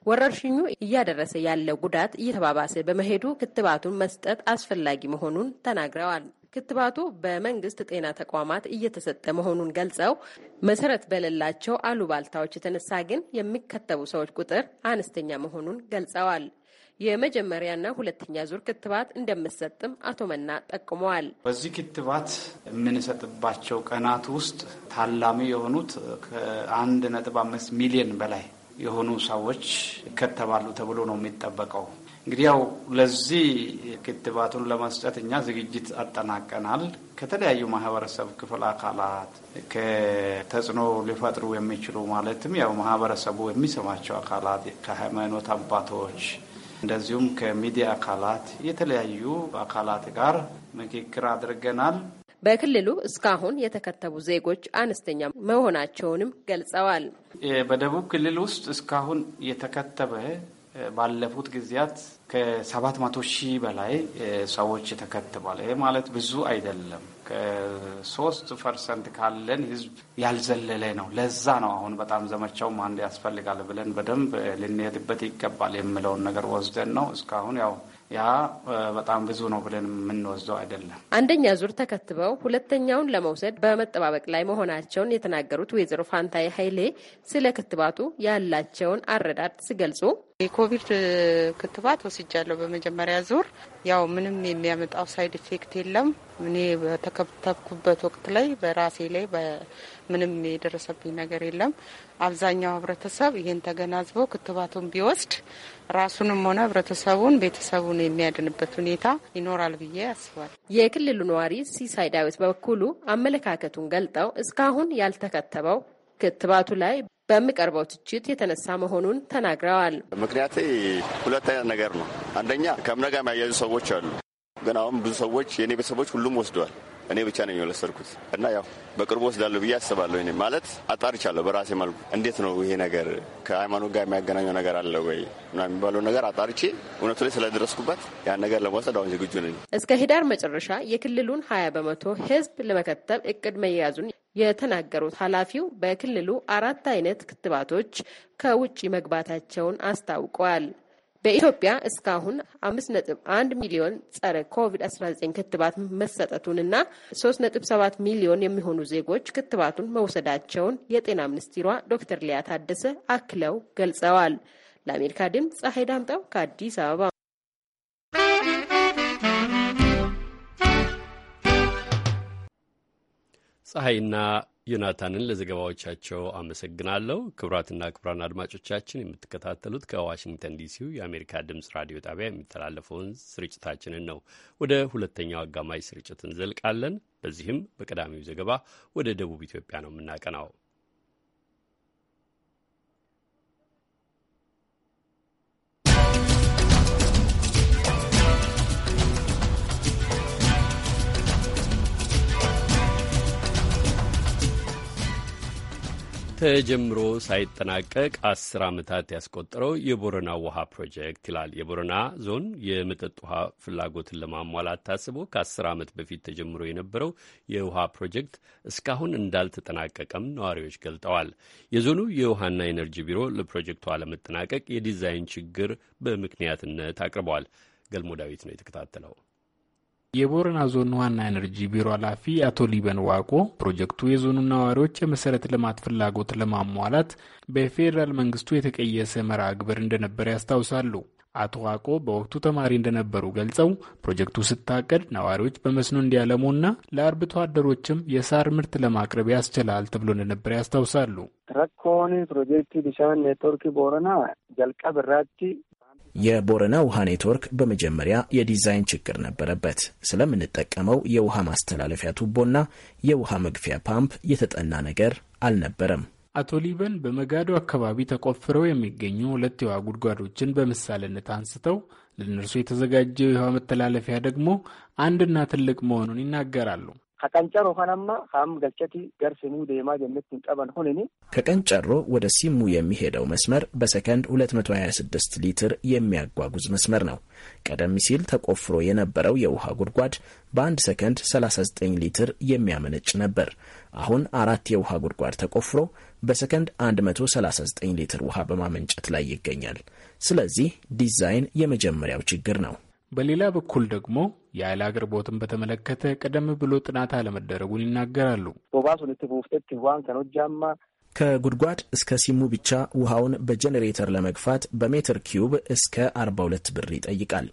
Speaker 13: ወረርሽኙ እያደረሰ ያለው ጉዳት እየተባባሰ በመሄዱ ክትባቱን መስጠት አስፈላጊ መሆኑን ተናግረዋል። ክትባቱ በመንግስት ጤና ተቋማት እየተሰጠ መሆኑን ገልጸው መሰረት በሌላቸው አሉባልታዎች የተነሳ ግን የሚከተቡ ሰዎች ቁጥር አነስተኛ መሆኑን ገልጸዋል። የመጀመሪያና ሁለተኛ ዙር ክትባት እንደምትሰጥም አቶ መና ጠቁመዋል።
Speaker 7: በዚህ ክትባት የምንሰጥባቸው ቀናት ውስጥ ታላሚ የሆኑት ከአንድ ነጥብ አምስት ሚሊዮን በላይ የሆኑ ሰዎች ይከተባሉ ተብሎ ነው የሚጠበቀው። እንግዲህ ያው ለዚህ ክትባቱን ለመስጠት እኛ ዝግጅት አጠናቀናል። ከተለያዩ ማህበረሰብ ክፍል አካላት ከተጽዕኖ ሊፈጥሩ የሚችሉ ማለትም ያው ማህበረሰቡ የሚሰማቸው አካላት፣ ከሃይማኖት አባቶች እንደዚሁም ከሚዲያ አካላት የተለያዩ አካላት ጋር ምክክር አድርገናል።
Speaker 13: በክልሉ እስካሁን የተከተቡ ዜጎች አነስተኛ መሆናቸውንም ገልጸዋል።
Speaker 7: በደቡብ ክልል ውስጥ እስካሁን የተከተበ ባለፉት ጊዜያት ከሰባት መቶ ሺህ በላይ ሰዎች ተከትቧል። ይህ ማለት ብዙ አይደለም። ከሶስት ፐርሰንት ካለን ህዝብ ያልዘለለ ነው። ለዛ ነው አሁን በጣም ዘመቻውም አንድ ያስፈልጋል ብለን በደንብ ልንሄድበት ይገባል የምለውን ነገር ወስደን ነው እስካሁን ያው ያ በጣም ብዙ ነው ብለን የምንወስደው አይደለም።
Speaker 13: አንደኛ ዙር ተከትበው ሁለተኛውን ለመውሰድ በመጠባበቅ ላይ መሆናቸውን የተናገሩት ወይዘሮ ፋንታይ ኃይሌ ስለ ክትባቱ ያላቸውን አረዳድ ሲገልጹ የኮቪድ ክትባት ወስጃለሁ። በመጀመሪያ ዙር ያው ምንም የሚያመጣው ሳይድ ኢፌክት የለም። እኔ በተከተብኩበት ወቅት ላይ በራሴ ላይ ምንም የደረሰብኝ ነገር የለም። አብዛኛው ህብረተሰብ ይህን ተገናዝቦ ክትባቱን ቢወስድ ራሱንም ሆነ ህብረተሰቡን ቤተሰቡን የሚያድንበት ሁኔታ ይኖራል ብዬ አስባል። የክልሉ ነዋሪ ሲሳይ ዳዊት በበኩሉ አመለካከቱን ገልጠው እስካሁን ያልተከተበው ክትባቱ ላይ በሚቀርበው ትችት የተነሳ መሆኑን ተናግረዋል።
Speaker 1: ምክንያት ሁለት አይነት ነገር ነው። አንደኛ ከእምነት ጋር የሚያያዙ ሰዎች አሉ። ግን አሁን ብዙ ሰዎች የእኔ ቤተሰቦች ሁሉም ወስደዋል እኔ ብቻ ነኝ የወለሰርኩት እና ያው በቅርቡ ወስዳለሁ ብዬ አስባለሁ። እኔ ማለት አጣርቻለሁ በራሴ መልኩ
Speaker 8: እንዴት ነው ይሄ ነገር ከሃይማኖት ጋር የሚያገናኘው ነገር አለ ወይ ና የሚባለው
Speaker 1: ነገር አጣርቼ እውነቱ ላይ ስለደረስኩበት ያን ነገር ለመውሰድ አሁን ዝግጁ ነኝ።
Speaker 13: እስከ ህዳር መጨረሻ የክልሉን ሀያ በመቶ ህዝብ ለመከተብ እቅድ መያዙን የተናገሩት ኃላፊው በክልሉ አራት አይነት ክትባቶች ከውጭ መግባታቸውን አስታውቀዋል። በኢትዮጵያ እስካሁን አምስት ነጥብ አንድ ሚሊዮን ጸረ ኮቪድ-19 ክትባት መሰጠቱን እና ሶስት ነጥብ ሰባት ሚሊዮን የሚሆኑ ዜጎች ክትባቱን መውሰዳቸውን የጤና ሚኒስትሯ ዶክተር ሊያ ታደሰ አክለው ገልጸዋል። ለአሜሪካ ድምፅ ፀሐይ ዳምጠው ከአዲስ አበባ
Speaker 1: ፀሐይና ዮናታንን ለዘገባዎቻቸው አመሰግናለሁ። ክቡራትና ክቡራን አድማጮቻችን የምትከታተሉት ከዋሽንግተን ዲሲው የአሜሪካ ድምፅ ራዲዮ ጣቢያ የሚተላለፈውን ስርጭታችንን ነው። ወደ ሁለተኛው አጋማሽ ስርጭት እንዘልቃለን። በዚህም በቀዳሚው ዘገባ ወደ ደቡብ ኢትዮጵያ ነው የምናቀናው። ተጀምሮ ሳይጠናቀቅ አስር ዓመታት ያስቆጠረው የቦረና ውሃ ፕሮጀክት ይላል። የቦረና ዞን የመጠጥ ውሃ ፍላጎትን ለማሟላት ታስቦ ከአስር ዓመት በፊት ተጀምሮ የነበረው የውሃ ፕሮጀክት እስካሁን እንዳልተጠናቀቀም ነዋሪዎች ገልጠዋል። የዞኑ የውሃና ኤነርጂ ቢሮ ለፕሮጀክቱ አለመጠናቀቅ የዲዛይን ችግር በምክንያትነት አቅርበዋል። ገልሞ ዳዊት ነው የተከታተለው።
Speaker 10: የቦረና ዞን ዋና ኤነርጂ ቢሮ ኃላፊ አቶ ሊበን ዋቆ ፕሮጀክቱ የዞኑ ነዋሪዎች የመሰረተ ልማት ፍላጎት ለማሟላት በፌዴራል መንግስቱ የተቀየሰ መርሃ ግብር እንደነበር ያስታውሳሉ። አቶ ዋቆ በወቅቱ ተማሪ እንደነበሩ ገልጸው ፕሮጀክቱ ስታቀድ ነዋሪዎች በመስኖ እንዲያለሙና ለአርብቶ አደሮችም የሳር ምርት ለማቅረብ ያስችላል ተብሎ እንደነበር ያስታውሳሉ።
Speaker 15: ረኮኒ ፕሮጀክት ቢሻን ኔትወርክ ቦረና ጀልቀብ
Speaker 2: የቦረና ውሃ ኔትወርክ በመጀመሪያ የዲዛይን ችግር ነበረበት። ስለምንጠቀመው የውሃ ማስተላለፊያ ቱቦና የውሃ መግፊያ ፓምፕ የተጠና ነገር አልነበረም።
Speaker 10: አቶ ሊበን በመጋዶ አካባቢ ተቆፍረው የሚገኙ ሁለት የውሃ ጉድጓዶችን በምሳሌነት አንስተው ለእነርሱ የተዘጋጀው የውሃ መተላለፊያ ደግሞ አንድና ትልቅ መሆኑን
Speaker 15: ይናገራሉ። ከቀንጨሮ ሆነማ ሀም ገልጨቲ ገር ሲሙ ደማ የምትን ቀበን ሆንኒ
Speaker 2: ከቀንጨሮ ወደ ሲሙ የሚሄደው መስመር በሰከንድ 226 ሊትር የሚያጓጉዝ መስመር ነው። ቀደም ሲል ተቆፍሮ የነበረው የውሃ ጉድጓድ በአንድ ሰከንድ 39 ሊትር የሚያመነጭ ነበር። አሁን አራት የውሃ ጉድጓድ ተቆፍሮ በሰከንድ 139 ሊትር ውሃ በማመንጨት ላይ ይገኛል። ስለዚህ ዲዛይን የመጀመሪያው ችግር ነው። በሌላ በኩል ደግሞ የኃይል አቅርቦትን በተመለከተ ቀደም ብሎ ጥናት አለመደረጉን ይናገራሉ። ከጉድጓድ እስከ ሲሙ ብቻ ውሃውን በጄኔሬተር ለመግፋት በሜትር ኪዩብ እስከ 42 ብር ይጠይቃል።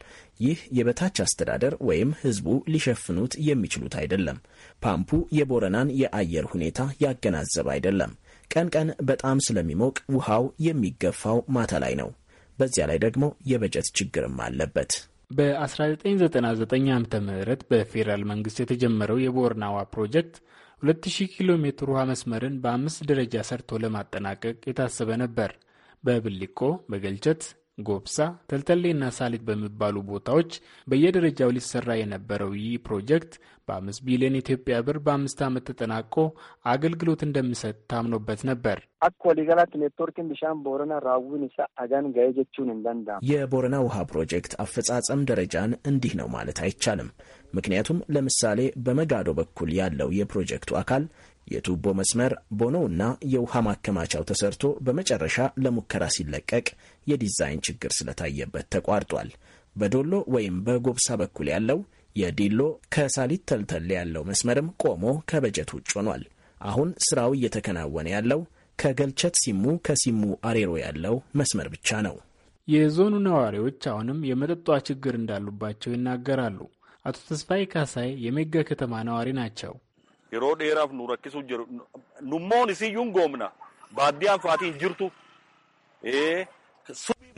Speaker 2: ይህ የበታች አስተዳደር ወይም ህዝቡ ሊሸፍኑት የሚችሉት አይደለም። ፓምፑ የቦረናን የአየር ሁኔታ ያገናዘበ አይደለም። ቀን ቀን በጣም ስለሚሞቅ ውሃው የሚገፋው ማታ ላይ ነው። በዚያ ላይ ደግሞ የበጀት ችግርም አለበት።
Speaker 10: በ1999 ዓ ም በፌዴራል መንግስት የተጀመረው የቦርናዋ ፕሮጀክት 2000 ኪሎ ሜትር ውሃ መስመርን በአምስት ደረጃ ሰርቶ ለማጠናቀቅ የታሰበ ነበር። በብሊቆ፣ በገልጨት፣ ጎብሳ፣ ተልተሌና ሳሊት በሚባሉ ቦታዎች በየደረጃው ሊሰራ የነበረው ይህ ፕሮጀክት በአምስት ቢሊዮን ኢትዮጵያ ብር በአምስት ዓመት ተጠናቆ አገልግሎት እንደሚሰጥ ታምኖበት ነበር።
Speaker 2: የቦረና ውሃ ፕሮጀክት አፈጻጸም ደረጃን እንዲህ ነው ማለት አይቻልም። ምክንያቱም ለምሳሌ በመጋዶ በኩል ያለው የፕሮጀክቱ አካል የቱቦ መስመር ቦኖውና የውሃ ማከማቻው ተሰርቶ በመጨረሻ ለሙከራ ሲለቀቅ የዲዛይን ችግር ስለታየበት ተቋርጧል። በዶሎ ወይም በጎብሳ በኩል ያለው የዲሎ ከሳሊት ተልተል ያለው መስመርም ቆሞ ከበጀት ውጭ ሆኗል። አሁን ስራው እየተከናወነ ያለው ከገልቸት ሲሙ ከሲሙ አሬሮ ያለው መስመር ብቻ ነው። የዞኑ ነዋሪዎች
Speaker 10: አሁንም የመጠጧ ችግር እንዳሉባቸው ይናገራሉ። አቶ ተስፋይ ካሳይ የሜገ ከተማ ነዋሪ ናቸው።
Speaker 9: የሮ ዴራፍ ኑረኪሱ ኑሞን ሲዩን ጎምና ባዲያን ፋቲን ጅርቱ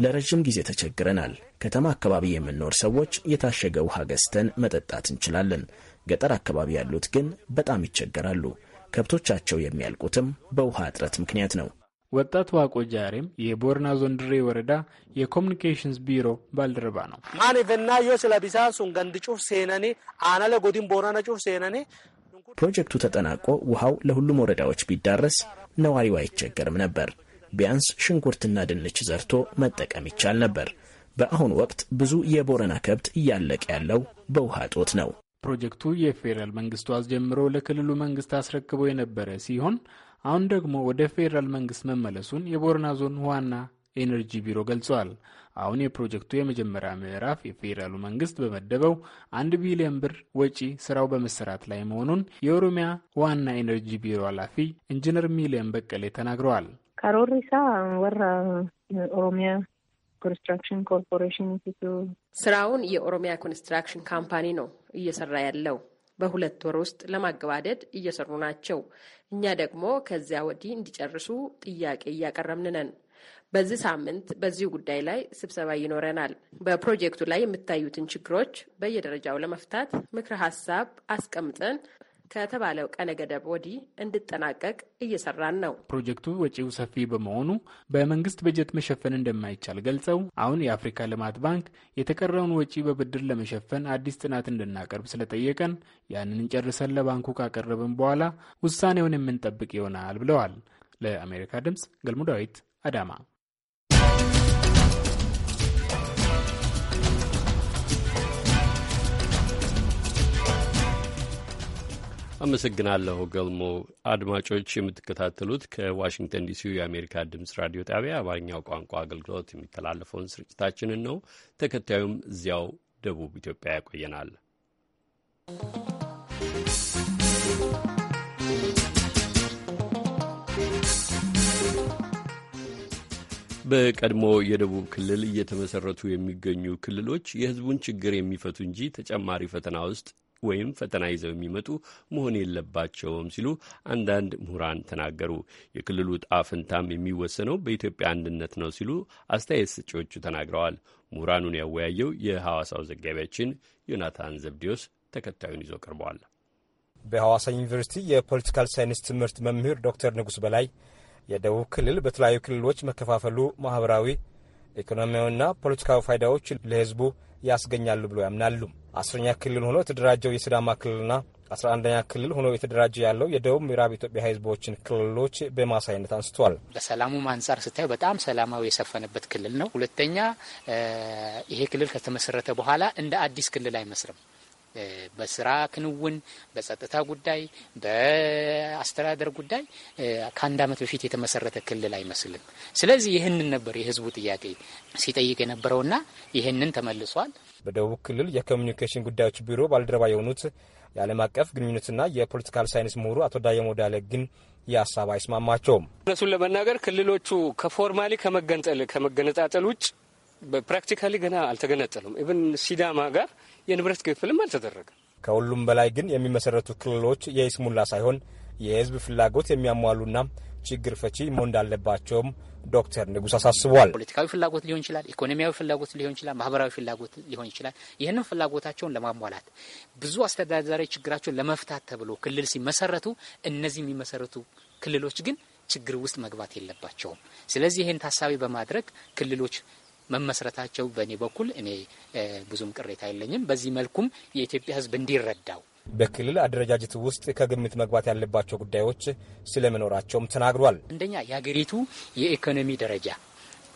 Speaker 2: ለረዥም ጊዜ ተቸግረናል። ከተማ አካባቢ የምንኖር ሰዎች የታሸገ ውሃ ገዝተን መጠጣት እንችላለን። ገጠር አካባቢ ያሉት ግን በጣም ይቸገራሉ። ከብቶቻቸው የሚያልቁትም በውሃ እጥረት ምክንያት ነው።
Speaker 10: ወጣት ዋቆ ጃሬም የቦርና ዞን ድሬ ወረዳ የኮሚኒኬሽንስ ቢሮ
Speaker 2: ባልደረባ ነው።
Speaker 10: ማኒፈናዮ ስለ ቢሳሱን ገንድ ጩፍ ሴነኔ አነለ ጎዲን ቦረና
Speaker 8: ጩፍ ሴነኔ
Speaker 2: ፕሮጀክቱ ተጠናቆ ውሃው ለሁሉም ወረዳዎች ቢዳረስ ነዋሪው አይቸገርም ነበር። ቢያንስ ሽንኩርትና ድንች ዘርቶ መጠቀም ይቻል ነበር። በአሁኑ ወቅት ብዙ የቦረና ከብት እያለቀ ያለው በውሃ እጦት ነው።
Speaker 10: ፕሮጀክቱ የፌዴራል መንግስቱ አስጀምሮ ለክልሉ መንግስት አስረክቦ የነበረ ሲሆን አሁን ደግሞ ወደ ፌዴራል መንግስት መመለሱን የቦረና ዞን ዋና ኤነርጂ ቢሮ ገልጸዋል። አሁን የፕሮጀክቱ የመጀመሪያ ምዕራፍ የፌዴራሉ መንግስት በመደበው አንድ ቢሊዮን ብር ወጪ ስራው በመሰራት ላይ መሆኑን የኦሮሚያ ዋና ኤነርጂ ቢሮ ኃላፊ ኢንጂነር ሚሊየን በቀሌ
Speaker 13: ተናግረዋል።
Speaker 5: Karoorri isaa warra Oromiyaa ኮንስትራክሽን ኮርፖሬሽን
Speaker 13: ስራውን የኦሮሚያ ኮንስትራክሽን ካምፓኒ ነው እየሰራ ያለው። በሁለት ወር ውስጥ ለማገባደድ እየሰሩ ናቸው። እኛ ደግሞ ከዚያ ወዲህ እንዲጨርሱ ጥያቄ እያቀረብን ነን። በዚህ ሳምንት በዚሁ ጉዳይ ላይ ስብሰባ ይኖረናል። በፕሮጀክቱ ላይ የምታዩትን ችግሮች በየደረጃው ለመፍታት ምክረ ሀሳብ አስቀምጠን ከተባለው ቀነ ገደብ ወዲህ እንዲጠናቀቅ እየሰራን ነው።
Speaker 10: ፕሮጀክቱ ወጪው ሰፊ በመሆኑ በመንግስት በጀት መሸፈን እንደማይቻል ገልጸው አሁን የአፍሪካ ልማት ባንክ የተቀረውን ወጪ በብድር ለመሸፈን አዲስ ጥናት እንድናቀርብ ስለጠየቀን ያንን ጨርሰን ለባንኩ ካቀረብን በኋላ ውሳኔውን የምንጠብቅ ይሆናል ብለዋል። ለአሜሪካ ድምፅ ገልሙ ዳዊት አዳማ
Speaker 1: አመሰግናለሁ ገልሞ። አድማጮች የምትከታተሉት ከዋሽንግተን ዲሲ የአሜሪካ ድምፅ ራዲዮ ጣቢያ አማርኛው ቋንቋ አገልግሎት የሚተላለፈውን ስርጭታችንን ነው። ተከታዩም እዚያው ደቡብ ኢትዮጵያ ያቆየናል። በቀድሞ የደቡብ ክልል እየተመሰረቱ የሚገኙ ክልሎች የሕዝቡን ችግር የሚፈቱ እንጂ ተጨማሪ ፈተና ውስጥ ወይም ፈተና ይዘው የሚመጡ መሆን የለባቸውም ሲሉ አንዳንድ ምሁራን ተናገሩ። የክልሉ ጣፍንታም የሚወሰነው በኢትዮጵያ አንድነት ነው ሲሉ አስተያየት ሰጪዎቹ ተናግረዋል። ምሁራኑን ያወያየው የሐዋሳው ዘጋቢያችን ዮናታን ዘብዲዮስ ተከታዩን ይዞ ቀርበዋል።
Speaker 3: በሐዋሳ ዩኒቨርሲቲ የፖለቲካል ሳይንስ ትምህርት መምህር ዶክተር ንጉስ በላይ የደቡብ ክልል በተለያዩ ክልሎች መከፋፈሉ ማህበራዊ ኢኮኖሚያዊና ፖለቲካዊ ፋይዳዎች ለህዝቡ ያስገኛሉ ብሎ ያምናሉ። አስረኛ ክልል ሆኖ የተደራጀው የሲዳማ ክልልና አስራ አንደኛ ክልል ሆኖ የተደራጀ ያለው የደቡብ ምዕራብ ኢትዮጵያ ህዝቦችን ክልሎች በማሳይነት አንስተዋል።
Speaker 16: በሰላሙም አንጻር ስታዩ በጣም ሰላማዊ የሰፈነበት ክልል ነው። ሁለተኛ ይሄ ክልል ከተመሰረተ በኋላ እንደ አዲስ ክልል አይመስልም። በስራ ክንውን፣ በጸጥታ ጉዳይ፣ በአስተዳደር ጉዳይ ከአንድ ዓመት በፊት የተመሰረተ ክልል አይመስልም። ስለዚህ ይህንን ነበር የህዝቡ ጥያቄ ሲጠይቅ የነበረውና ይህንን ተመልሷል።
Speaker 3: በደቡብ ክልል የኮሚኒኬሽን ጉዳዮች ቢሮ ባልደረባ የሆኑት የዓለም አቀፍ ግንኙነትና የፖለቲካል ሳይንስ ምሁሩ አቶ ዳየሞ ዳለ ግን የሀሳብ አይስማማቸውም።
Speaker 8: እነሱን ለመናገር ክልሎቹ ከፎርማሊ ከመገንጠል ከመገነጣጠል ውጭ በፕራክቲካሊ ገና አልተገነጠሉም። ኢብን ሲዳማ ጋር የንብረት ክፍልም አልተደረገም።
Speaker 3: ከሁሉም በላይ ግን የሚመሰረቱ ክልሎች የይስሙላ ሳይሆን የህዝብ ፍላጎት የሚያሟሉና ችግር ፈቺ መሆን እንዳለባቸውም ዶክተር ንጉስ አሳስቧል። ፖለቲካዊ
Speaker 16: ፍላጎት ሊሆን ይችላል፣ ኢኮኖሚያዊ ፍላጎት ሊሆን ይችላል፣ ማህበራዊ ፍላጎት ሊሆን ይችላል። ይህንን ፍላጎታቸውን ለማሟላት ብዙ አስተዳዳሪ ችግራቸውን ለመፍታት ተብሎ ክልል ሲመሰረቱ እነዚህ የሚመሰረቱ ክልሎች ግን ችግር ውስጥ መግባት የለባቸውም። ስለዚህ ይህን ታሳቢ በማድረግ ክልሎች መመስረታቸው በእኔ በኩል እኔ ብዙም ቅሬታ የለኝም። በዚህ መልኩም የኢትዮጵያ ሕዝብ እንዲረዳው
Speaker 3: በክልል አደረጃጀት ውስጥ ከግምት መግባት ያለባቸው ጉዳዮች ስለመኖራቸውም ተናግሯል።
Speaker 16: አንደኛ የሀገሪቱ የኢኮኖሚ ደረጃ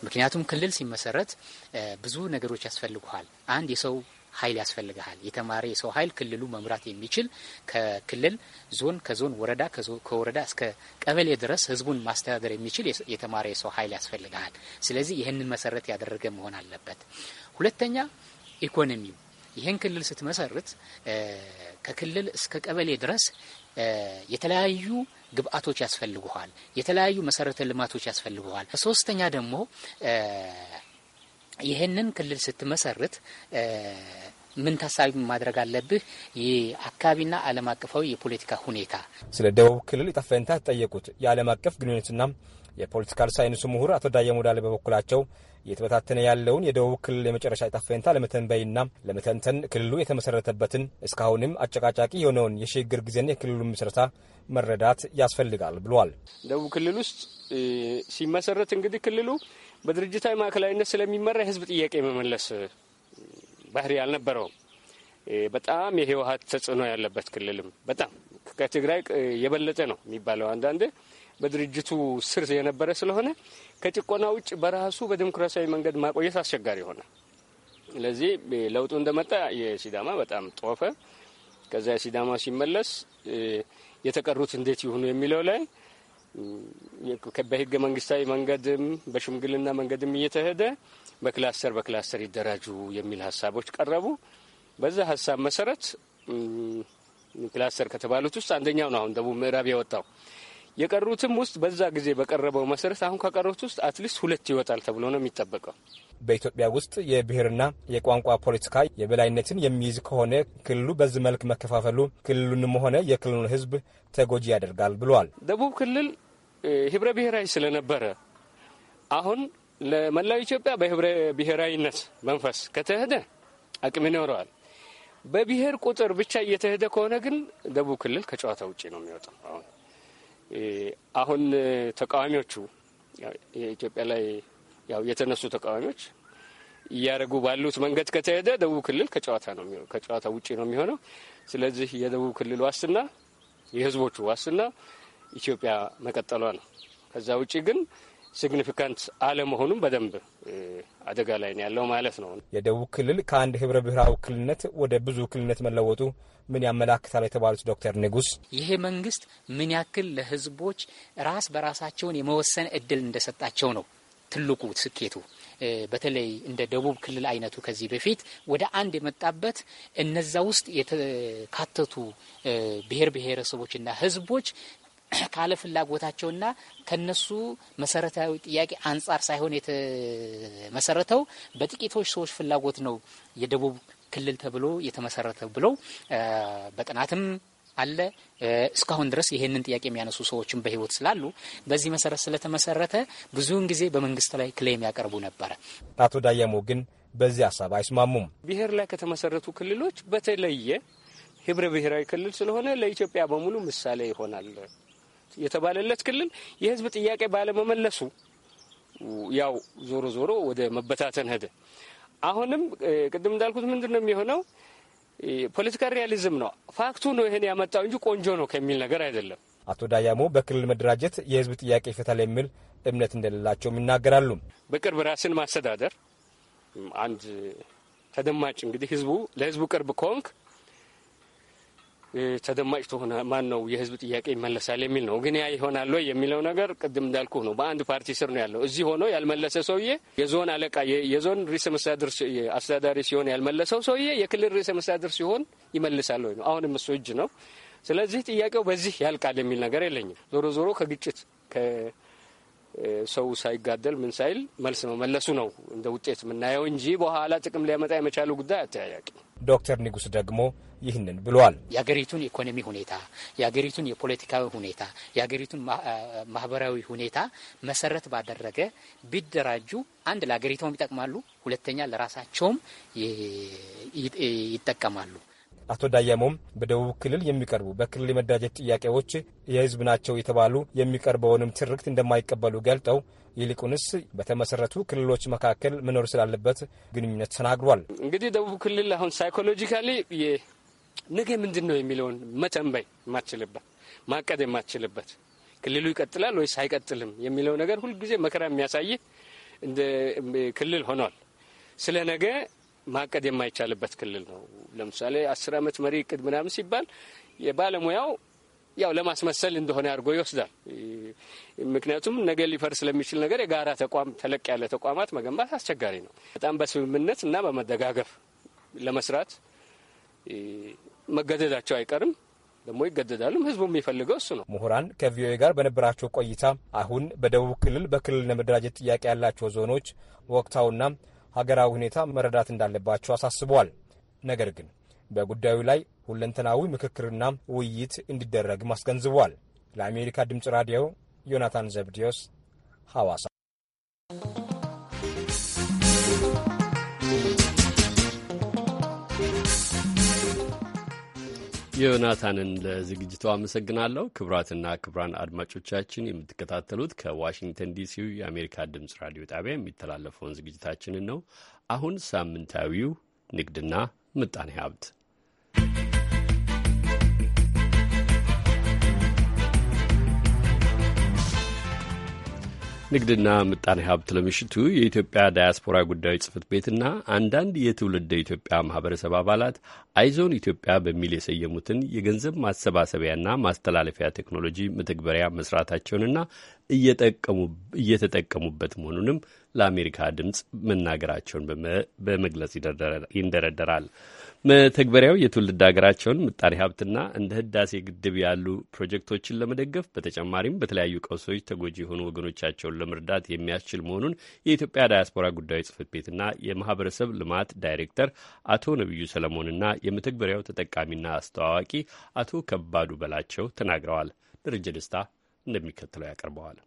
Speaker 16: ምክንያቱም ክልል ሲመሰረት ብዙ ነገሮች ያስፈልጉሃል። አንድ የሰው ኃይል ያስፈልግሃል። የተማረ የሰው ኃይል ክልሉ መምራት የሚችል ከክልል ዞን፣ ከዞን ወረዳ፣ ከወረዳ እስከ ቀበሌ ድረስ ህዝቡን ማስተዳደር የሚችል የተማረ የሰው ኃይል ያስፈልግሃል። ስለዚህ ይህንን መሰረት ያደረገ መሆን አለበት። ሁለተኛ ኢኮኖሚው ይህን ክልል ስትመሰርት ከክልል እስከ ቀበሌ ድረስ የተለያዩ ግብአቶች ያስፈልጉሃል። የተለያዩ መሰረተ ልማቶች ያስፈልጉሃል። ሶስተኛ ደግሞ ይህንን ክልል ስትመሰርት ምን ታሳቢ ማድረግ አለብህ? የአካባቢና ዓለም አቀፋዊ የፖለቲካ ሁኔታ።
Speaker 3: ስለ ደቡብ ክልል ዕጣ ፈንታ ተጠየቁት የዓለም አቀፍ ግንኙነትና የፖለቲካል ሳይንሱ ምሁር አቶ ዳየ ሞዳሌ በበኩላቸው እየተበታተነ ያለውን የደቡብ ክልል የመጨረሻ ዕጣ ፈንታ ለመተንበይና ለመተንተን ክልሉ የተመሰረተበትን እስካሁንም አጨቃጫቂ የሆነውን የሽግግር ጊዜና የክልሉ ምስረታ መረዳት ያስፈልጋል ብለዋል።
Speaker 8: ደቡብ ክልል ውስጥ ሲመሰረት እንግዲህ ክልሉ በድርጅታዊ ማዕከላዊነት ስለሚመራ የህዝብ ጥያቄ መመለስ ባህሪ አልነበረውም። በጣም የህወሀት ተጽዕኖ ያለበት ክልልም በጣም ከትግራይ የበለጠ ነው የሚባለው አንዳንድ በድርጅቱ ስር የነበረ ስለሆነ ከጭቆና ውጭ በራሱ በዲሞክራሲያዊ መንገድ ማቆየት አስቸጋሪ ሆነ። ስለዚህ ለውጡ እንደመጣ የሲዳማ በጣም ጦፈ። ከዚያ የሲዳማ ሲመለስ የተቀሩት እንዴት ይሁኑ የሚለው ላይ በህገ መንግስታዊ መንገድም በሽምግልና መንገድም እየተሄደ በክላስተር በክላስተር ይደራጁ የሚል ሀሳቦች ቀረቡ። በዛ ሀሳብ መሰረት ክላስተር ከተባሉት ውስጥ አንደኛው ነው አሁን ደቡብ ምዕራብ የወጣው። የቀሩትም ውስጥ በዛ ጊዜ በቀረበው መሰረት አሁን ከቀሩት ውስጥ አትሊስት ሁለት ይወጣል ተብሎ ነው የሚጠበቀው።
Speaker 3: በኢትዮጵያ ውስጥ የብሔርና የቋንቋ ፖለቲካ የበላይነትን የሚይዝ ከሆነ ክልሉ በዚህ መልክ መከፋፈሉ ክልሉንም ሆነ የክልሉን ህዝብ ተጎጂ ያደርጋል ብሏል።
Speaker 8: ደቡብ ክልል ህብረ ብሔራዊ ስለነበረ አሁን ለመላው ኢትዮጵያ በህብረ ብሔራዊነት መንፈስ ከተሄደ አቅም ይኖረዋል። በብሔር ቁጥር ብቻ እየተሄደ ከሆነ ግን ደቡብ ክልል ከጨዋታ ውጭ ነው የሚወጣው። አሁን አሁን ተቃዋሚዎቹ የኢትዮጵያ ላይ ያው የተነሱ ተቃዋሚዎች እያደረጉ ባሉት መንገድ ከተሄደ ደቡብ ክልል ከጨዋታ ነው ከጨዋታ ውጭ ነው የሚሆነው። ስለዚህ የደቡብ ክልል ዋስትና የህዝቦቹ ዋስትና ኢትዮጵያ መቀጠሏ ነው። ከዛ ውጭ ግን ሲግኒፊካንት አለመሆኑም በደንብ አደጋ ላይ ነው ያለው ማለት ነው።
Speaker 3: የደቡብ ክልል ከአንድ ህብረ ብሔራዊ ክልልነት ወደ ብዙ ክልልነት መለወጡ ምን ያመላክታል የተባሉት ዶክተር ንጉስ
Speaker 16: ይሄ መንግስት ምን ያክል ለህዝቦች ራስ በራሳቸውን የመወሰን እድል እንደሰጣቸው ነው ትልቁ ስኬቱ። በተለይ እንደ ደቡብ ክልል አይነቱ ከዚህ በፊት ወደ አንድ የመጣበት እነዛ ውስጥ የተካተቱ ብሔር ብሔረሰቦችና ህዝቦች ካለ ፍላጎታቸውና ከነሱ መሰረታዊ ጥያቄ አንጻር ሳይሆን የተመሰረተው በጥቂቶች ሰዎች ፍላጎት ነው የደቡብ ክልል ተብሎ የተመሰረተው ብለው በጥናትም አለ እስካሁን ድረስ ይህንን ጥያቄ የሚያነሱ ሰዎችን በህይወት ስላሉ በዚህ መሰረት ስለተመሰረተ ብዙውን ጊዜ በመንግስት ላይ ክሌም ያቀርቡ ነበረ።
Speaker 3: አቶ ዳያሞ ግን በዚህ ሀሳብ አይስማሙም።
Speaker 8: ብሔር ላይ ከተመሰረቱ ክልሎች በተለየ ህብረ ብሔራዊ ክልል ስለሆነ ለኢትዮጵያ በሙሉ ምሳሌ ይሆናል የተባለለት ክልል የህዝብ ጥያቄ ባለመመለሱ ያው ዞሮ ዞሮ ወደ መበታተን ሄደ። አሁንም ቅድም እንዳልኩት ምንድን ነው የሚሆነው? ፖለቲካል ሪያሊዝም ነው ፋክቱ ነው ይህን ያመጣው እንጂ ቆንጆ ነው ከሚል ነገር አይደለም።
Speaker 3: አቶ ዳያሞ በክልል መደራጀት የህዝብ ጥያቄ ይፈታል የሚል እምነት እንደሌላቸውም ይናገራሉ።
Speaker 8: በቅርብ ራስን ማስተዳደር አንድ ተደማጭ እንግዲህ ህዝቡ ለህዝቡ ቅርብ ከሆንክ ተደማጭ ተሆነ ማን ነው የህዝብ ጥያቄ ይመለሳል የሚል ነው። ግን ያ ይሆናል ወይ የሚለው ነገር ቅድም እንዳልኩ ነው። በአንድ ፓርቲ ስር ነው ያለው። እዚህ ሆኖ ያልመለሰ ሰውዬ የዞን አለቃ፣ የዞን ርዕሰ መስተዳድር አስተዳዳሪ ሲሆን ያልመለሰው ሰውዬ የክልል ርዕሰ መስተዳድር ሲሆን ይመልሳል ወይ ነው። አሁንም እሱ እጅ ነው። ስለዚህ ጥያቄው በዚህ ያልቃል የሚል ነገር የለኝም። ዞሮ ዞሮ ከግጭት ሰው ሳይጋደል ምን ሳይል መልስ ነው መለሱ ነው እንደ ውጤት የምናየው እንጂ በኋላ ጥቅም ሊያመጣ የመቻሉ ጉዳይ አተያያቂ። ዶክተር ንጉስ ደግሞ ይህንን ብሏል። የሀገሪቱን ኢኮኖሚ
Speaker 16: ሁኔታ፣ የሀገሪቱን የፖለቲካዊ ሁኔታ፣ የሀገሪቱን ማህበራዊ ሁኔታ መሰረት ባደረገ ቢደራጁ አንድ ለሀገሪቷም ይጠቅማሉ፣ ሁለተኛ ለራሳቸውም ይጠቀማሉ።
Speaker 3: አቶ ዳያሞም በደቡብ ክልል የሚቀርቡ በክልል የመደራጀት ጥያቄዎች የህዝብ ናቸው የተባሉ የሚቀርበውንም ትርክት እንደማይቀበሉ ገልጠው ይልቁንስ በተመሰረቱ ክልሎች መካከል መኖር ስላለበት ግንኙነት ተናግሯል።
Speaker 8: እንግዲህ ደቡብ ክልል አሁን ሳይኮሎጂካሊ ነገ ምንድን ነው የሚለውን መተንበይ የማችልበት ማቀድ የማችልበት ክልሉ ይቀጥላል ወይስ አይቀጥልም የሚለው ነገር ሁልጊዜ መከራ የሚያሳይ እንደ ክልል ሆኗል። ስለ ነገ ማቀድ የማይቻልበት ክልል ነው። ለምሳሌ አስር ዓመት መሪ እቅድ ምናምን ሲባል የባለሙያው ያው ለማስመሰል እንደሆነ አድርጎ ይወስዳል። ምክንያቱም ነገ ሊፈርስ ስለሚችል ነገር የጋራ ተቋም ተለቅ ያለ ተቋማት መገንባት አስቸጋሪ ነው። በጣም በስምምነት እና በመደጋገፍ ለመስራት መገደዳቸው አይቀርም። ደግሞ ይገደዳሉም። ህዝቡ የሚፈልገው እሱ ነው።
Speaker 3: ምሁራን ከቪኦኤ ጋር በነበራቸው ቆይታ አሁን በደቡብ ክልል በክልል ለመደራጀት ጥያቄ ያላቸው ዞኖች ወቅታውና ሀገራዊ ሁኔታ መረዳት እንዳለባቸው አሳስቧል። ነገር ግን በጉዳዩ ላይ ሁለንተናዊ ምክክርና ውይይት እንዲደረግም አስገንዝቧል። ለአሜሪካ ድምፅ ራዲዮ ዮናታን ዘብዲዮስ
Speaker 1: ሐዋሳ ዮናታንን ለዝግጅቱ አመሰግናለሁ። ክቡራትና ክቡራን አድማጮቻችን የምትከታተሉት ከዋሽንግተን ዲሲው የአሜሪካ ድምፅ ራዲዮ ጣቢያ የሚተላለፈውን ዝግጅታችንን ነው። አሁን ሳምንታዊው ንግድና ምጣኔ ሀብት ንግድና ምጣኔ ሀብት ለምሽቱ የኢትዮጵያ ዳያስፖራ ጉዳዮች ጽህፈት ቤትና አንዳንድ የትውልደ ኢትዮጵያ ማህበረሰብ አባላት አይዞን ኢትዮጵያ በሚል የሰየሙትን የገንዘብ ማሰባሰቢያና ማስተላለፊያ ቴክኖሎጂ መተግበሪያ መስራታቸውንና እየተጠቀሙበት መሆኑንም ለአሜሪካ ድምፅ መናገራቸውን በመግለጽ ይንደረደራል። መተግበሪያው የትውልድ ሀገራቸውን ምጣኔ ሀብትና እንደ ህዳሴ ግድብ ያሉ ፕሮጀክቶችን ለመደገፍ በተጨማሪም በተለያዩ ቀውሶች ተጎጂ የሆኑ ወገኖቻቸውን ለመርዳት የሚያስችል መሆኑን የኢትዮጵያ ዳያስፖራ ጉዳዮች ጽህፈት ቤትና የማህበረሰብ ልማት ዳይሬክተር አቶ ነቢዩ ሰለሞንና የመተግበሪያው ተጠቃሚና አስተዋዋቂ አቶ ከባዱ በላቸው ተናግረዋል። ደረጀ ደስታ እንደሚከተለው ያቀርበዋል።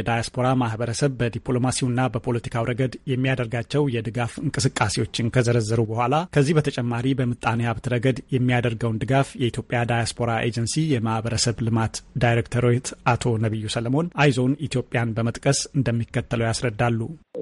Speaker 4: የዳያስፖራ ማህበረሰብ በዲፕሎማሲውና በፖለቲካው ረገድ የሚያደርጋቸው የድጋፍ እንቅስቃሴዎችን ከዘረዘሩ በኋላ ከዚህ በተጨማሪ በምጣኔ ሀብት ረገድ የሚያደርገውን ድጋፍ የኢትዮጵያ ዳያስፖራ ኤጀንሲ የማህበረሰብ ልማት ዳይሬክተሮት አቶ ነቢዩ ሰለሞን አይዞን ኢትዮጵያን በመጥቀስ እንደሚከተለው ያስረዳሉ።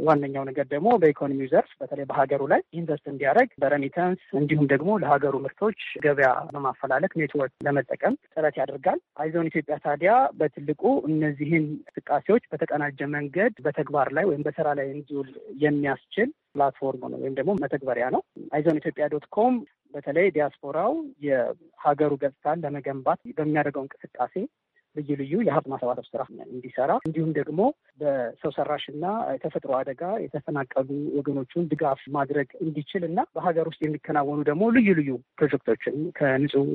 Speaker 15: ዋነኛው ነገር ደግሞ በኢኮኖሚው ዘርፍ በተለይ በሀገሩ ላይ ኢንቨስት እንዲያደርግ በረሚተንስ እንዲሁም ደግሞ ለሀገሩ ምርቶች ገበያ በማፈላለግ ኔትወርክ ለመጠቀም ጥረት ያደርጋል። አይዞን ኢትዮጵያ ታዲያ በትልቁ እነዚህን እንቅስቃሴዎች ሰዎች በተቀናጀ መንገድ በተግባር ላይ ወይም በስራ ላይ እንዲውል የሚያስችል ፕላትፎርም ነው ወይም ደግሞ መተግበሪያ ነው። አይዞን ኢትዮጵያ ዶት ኮም በተለይ ዲያስፖራው የሀገሩ ገጽታን ለመገንባት በሚያደርገው እንቅስቃሴ ልዩ ልዩ የሀብት ማሰባሰብ ስራ እንዲሰራ እንዲሁም ደግሞ በሰው ሰራሽና ተፈጥሮ አደጋ የተፈናቀሉ ወገኖቹን ድጋፍ ማድረግ እንዲችል እና በሀገር ውስጥ የሚከናወኑ ደግሞ ልዩ ልዩ ፕሮጀክቶችን ከንጹህ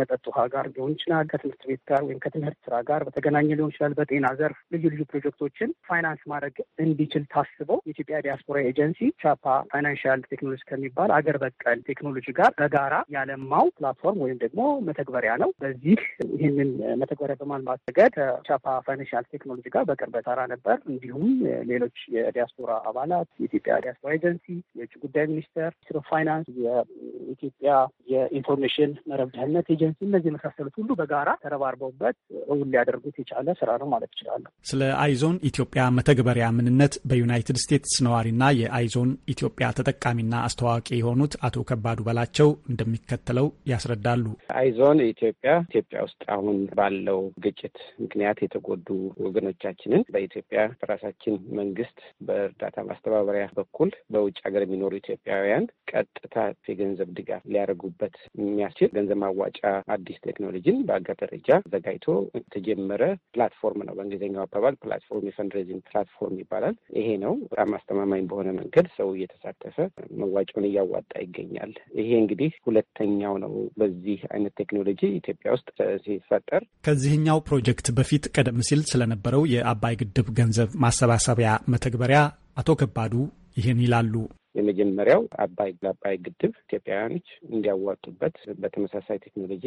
Speaker 15: መጠጥ ውሃ ጋር ሊሆን ይችላል፣ ከትምህርት ቤት ጋር ወይም ከትምህርት ስራ ጋር በተገናኘ ሊሆን ይችላል። በጤና ዘርፍ ልዩ ልዩ ፕሮጀክቶችን ፋይናንስ ማድረግ እንዲችል ታስበው የኢትዮጵያ ዲያስፖራ ኤጀንሲ ቻፓ ፋይናንሽል ቴክኖሎጂ ከሚባል አገር በቀል ቴክኖሎጂ ጋር በጋራ ያለማው ፕላትፎርም ወይም ደግሞ መተግበሪያ ነው። በዚህ ይህንን መተግበሪያ በማልማት ረገድ ከቻፓ ፋይናንሻል ቴክኖሎጂ ጋር በቅርበት ሰራ ነበር። እንዲሁም ሌሎች የዲያስፖራ አባላት የኢትዮጵያ ዲያስፖራ ኤጀንሲ፣ የውጭ ጉዳይ ሚኒስቴር፣ ሚኒስትር ኦፍ ፋይናንስ፣ የኢትዮጵያ የኢንፎርሜሽን መረብ ደህንነት ኤጀንሲ እነዚህ የመሳሰሉት ሁሉ በጋራ ተረባርበውበት እውን ሊያደርጉት የቻለ ስራ ነው ማለት ይችላሉ።
Speaker 4: ስለ አይዞን ኢትዮጵያ መተግበሪያ ምንነት በዩናይትድ ስቴትስ ነዋሪና የአይዞን ኢትዮጵያ ተጠቃሚና አስተዋዋቂ የሆኑት አቶ ከባዱ በላቸው እንደሚከተለው ያስረዳሉ።
Speaker 6: አይዞን ኢትዮጵያ ኢትዮጵያ ውስጥ አሁን ባለው ግጭት ምክንያት የተጎዱ ወገኖቻችንን በኢትዮጵያ በራሳችን መንግስት በእርዳታ ማስተባበሪያ በኩል በውጭ ሀገር የሚኖሩ ኢትዮጵያውያን ቀጥታ የገንዘብ ድጋፍ ሊያደርጉበት የሚያስችል ገንዘብ ማዋጫ አዲስ ቴክኖሎጂን በአገር ደረጃ ዘጋጅቶ የተጀመረ ፕላትፎርም ነው። በእንግሊዝኛው አባባል ፕላትፎርም የፈንድሬዚንግ ፕላትፎርም ይባላል። ይሄ ነው በጣም አስተማማኝ በሆነ መንገድ ሰው እየተሳተፈ መዋጮውን እያዋጣ ይገኛል። ይሄ እንግዲህ ሁለተኛው ነው። በዚህ አይነት ቴክኖሎጂ ኢትዮጵያ ውስጥ ሲፈጠር
Speaker 4: ከዚህ ከዚህኛው ፕሮጀክት በፊት ቀደም ሲል ስለነበረው የአባይ ግድብ ገንዘብ ማሰባሰቢያ መተግበሪያ አቶ ከባዱ ይህን ይላሉ።
Speaker 6: የመጀመሪያው አባይ ለአባይ ግድብ ኢትዮጵያውያኖች እንዲያዋጡበት በተመሳሳይ ቴክኖሎጂ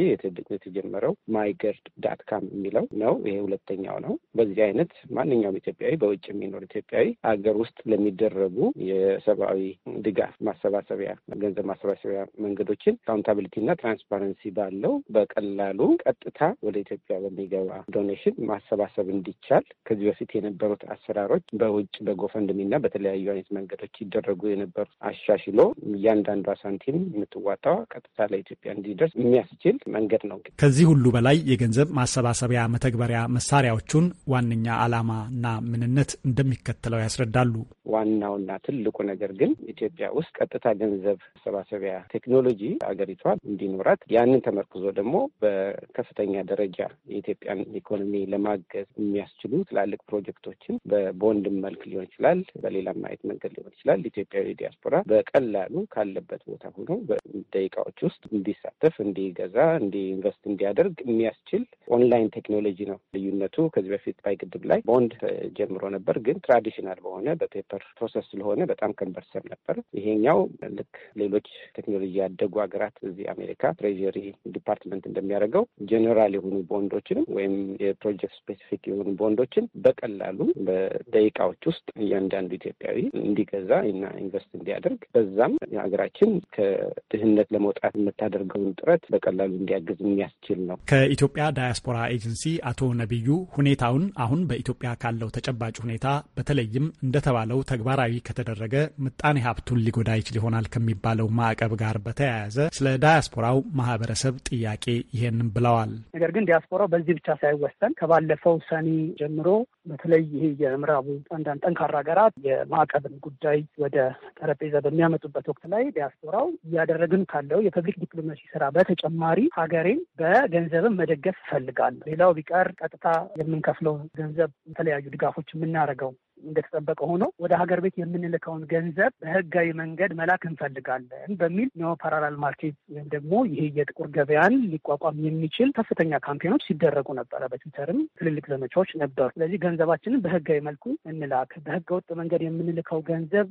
Speaker 6: የተጀመረው ማይገርድ ዳትካም የሚለው ነው። ይሄ ሁለተኛው ነው። በዚህ አይነት ማንኛውም ኢትዮጵያዊ፣ በውጭ የሚኖር ኢትዮጵያዊ አገር ውስጥ ለሚደረጉ የሰብአዊ ድጋፍ ማሰባሰቢያ ገንዘብ ማሰባሰቢያ መንገዶችን አካውንታብሊቲ እና ትራንስፓረንሲ ባለው በቀላሉ ቀጥታ ወደ ኢትዮጵያ በሚገባ ዶኔሽን ማሰባሰብ እንዲቻል ከዚህ በፊት የነበሩት አሰራሮች በውጭ በጎፈንድሚ እና በተለያዩ አይነት መንገዶች ይደረጉ የነበሩ አቆጣጠር አሻሽሎ እያንዳንዷ ሳንቲም የምትዋጣው ቀጥታ ለኢትዮጵያ እንዲደርስ የሚያስችል መንገድ ነው።
Speaker 4: ከዚህ ሁሉ በላይ የገንዘብ ማሰባሰቢያ መተግበሪያ መሳሪያዎቹን ዋነኛ ዓላማና ምንነት እንደሚከተለው ያስረዳሉ።
Speaker 6: ዋናውና ትልቁ ነገር ግን ኢትዮጵያ ውስጥ ቀጥታ ገንዘብ ማሰባሰቢያ ቴክኖሎጂ አገሪቷ እንዲኖራት ያንን ተመርኩዞ ደግሞ በከፍተኛ ደረጃ የኢትዮጵያን ኢኮኖሚ ለማገዝ የሚያስችሉ ትላልቅ ፕሮጀክቶችን በቦንድ መልክ ሊሆን ይችላል፣ በሌላ ማየት መንገድ ሊሆን ይችላል ኢትዮጵያዊ ዲያስፖራ በቀላሉ ካለበት ቦታ ሆኖ በደቂቃዎች ውስጥ እንዲሳተፍ፣ እንዲገዛ፣ እንዲኢንቨስት እንዲያደርግ የሚያስችል ኦንላይን ቴክኖሎጂ ነው። ልዩነቱ ከዚህ በፊት ጣይ ግድብ ላይ በወንድ ጀምሮ ነበር፣ ግን ትራዲሽናል በሆነ በፔፐር ፕሮሰስ ስለሆነ በጣም ከንበርሰም ነበር። ይሄኛው ልክ ሌሎች ቴክኖሎጂ ያደጉ ሀገራት እዚህ አሜሪካ ትሬጀሪ ዲፓርትመንት እንደሚያደርገው ጀኔራል የሆኑ ቦንዶችንም ወይም የፕሮጀክት ስፔሲፊክ የሆኑ ቦንዶችን በቀላሉ በደቂቃዎች ውስጥ እያንዳንዱ ኢትዮጵያዊ እንዲገዛ እና ኢንቨስት እንዲያደርግ በዛም ሀገራችን ከድህነት ለመውጣት የምታደርገውን ጥረት በቀላሉ እንዲያግዝ የሚያስችል ነው።
Speaker 4: ከኢትዮጵያ ዳያስፖራ ኤጀንሲ አቶ ነቢዩ ሁኔታውን አሁን በኢትዮጵያ ካለው ተጨባጭ ሁኔታ በተለይም እንደተባለው ተግባራዊ ከተደረገ ምጣኔ ሀብቱን ሊጎዳ ይችል ይሆናል ከሚባለው ማዕቀብ ጋር በተያያዘ ስለ ዳያስፖራው ማህበረሰብ ጥያቄ ይሄንን ብለዋል።
Speaker 15: ነገር ግን ዲያስፖራው በዚህ ብቻ ሳይወሰን ከባለፈው ሰኔ ጀምሮ በተለይ ይሄ የምዕራቡ አንዳንድ ጠንካራ ሀገራት የማዕቀብን ጉዳይ ወደ ጠረጴዛ በሚያመጡበት ወቅት ላይ ዲያስፖራው እያደረግን ካለው የፐብሊክ ዲፕሎማሲ ስራ በተጨማሪ ሀገሬን በገንዘብን መደገፍ ይፈልጋል። ሌላው ቢቀር ቀጥታ የምንከፍለው ገንዘብ የተለያዩ ድጋፎች የምናደርገው እንደተጠበቀ ሆኖ ወደ ሀገር ቤት የምንልከውን ገንዘብ በህጋዊ መንገድ መላክ እንፈልጋለን በሚል ነ ፓራላል ማርኬት ወይም ደግሞ ይሄ የጥቁር ገበያን ሊቋቋም የሚችል ከፍተኛ ካምፔኖች ሲደረጉ ነበረ። በትዊተርም ትልልቅ ዘመቻዎች ነበሩ። ስለዚህ ገንዘባችንን በህጋዊ መልኩ እንላክ፣ በህገ ወጥ መንገድ የምንልከው ገንዘብ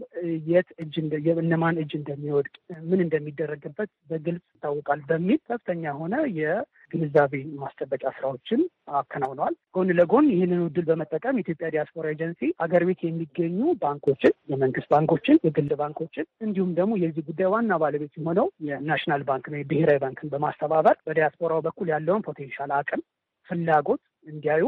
Speaker 15: የት እጅ እነማን እጅ እንደሚወድቅ ምን እንደሚደረግበት በግልጽ ይታወቃል በሚል ከፍተኛ የሆነ ግንዛቤ ማስጨበጫ ስራዎችን አከናውነዋል። ጎን ለጎን ይህንን እድል በመጠቀም የኢትዮጵያ ዲያስፖራ ኤጀንሲ አገር ቤት የሚገኙ ባንኮችን፣ የመንግስት ባንኮችን፣ የግል ባንኮችን እንዲሁም ደግሞ የዚህ ጉዳይ ዋና ባለቤት የሆነው የናሽናል ባንክ ነው የብሔራዊ ባንክን በማስተባበር በዲያስፖራው በኩል ያለውን ፖቴንሻል አቅም ፍላጎት እንዲያዩ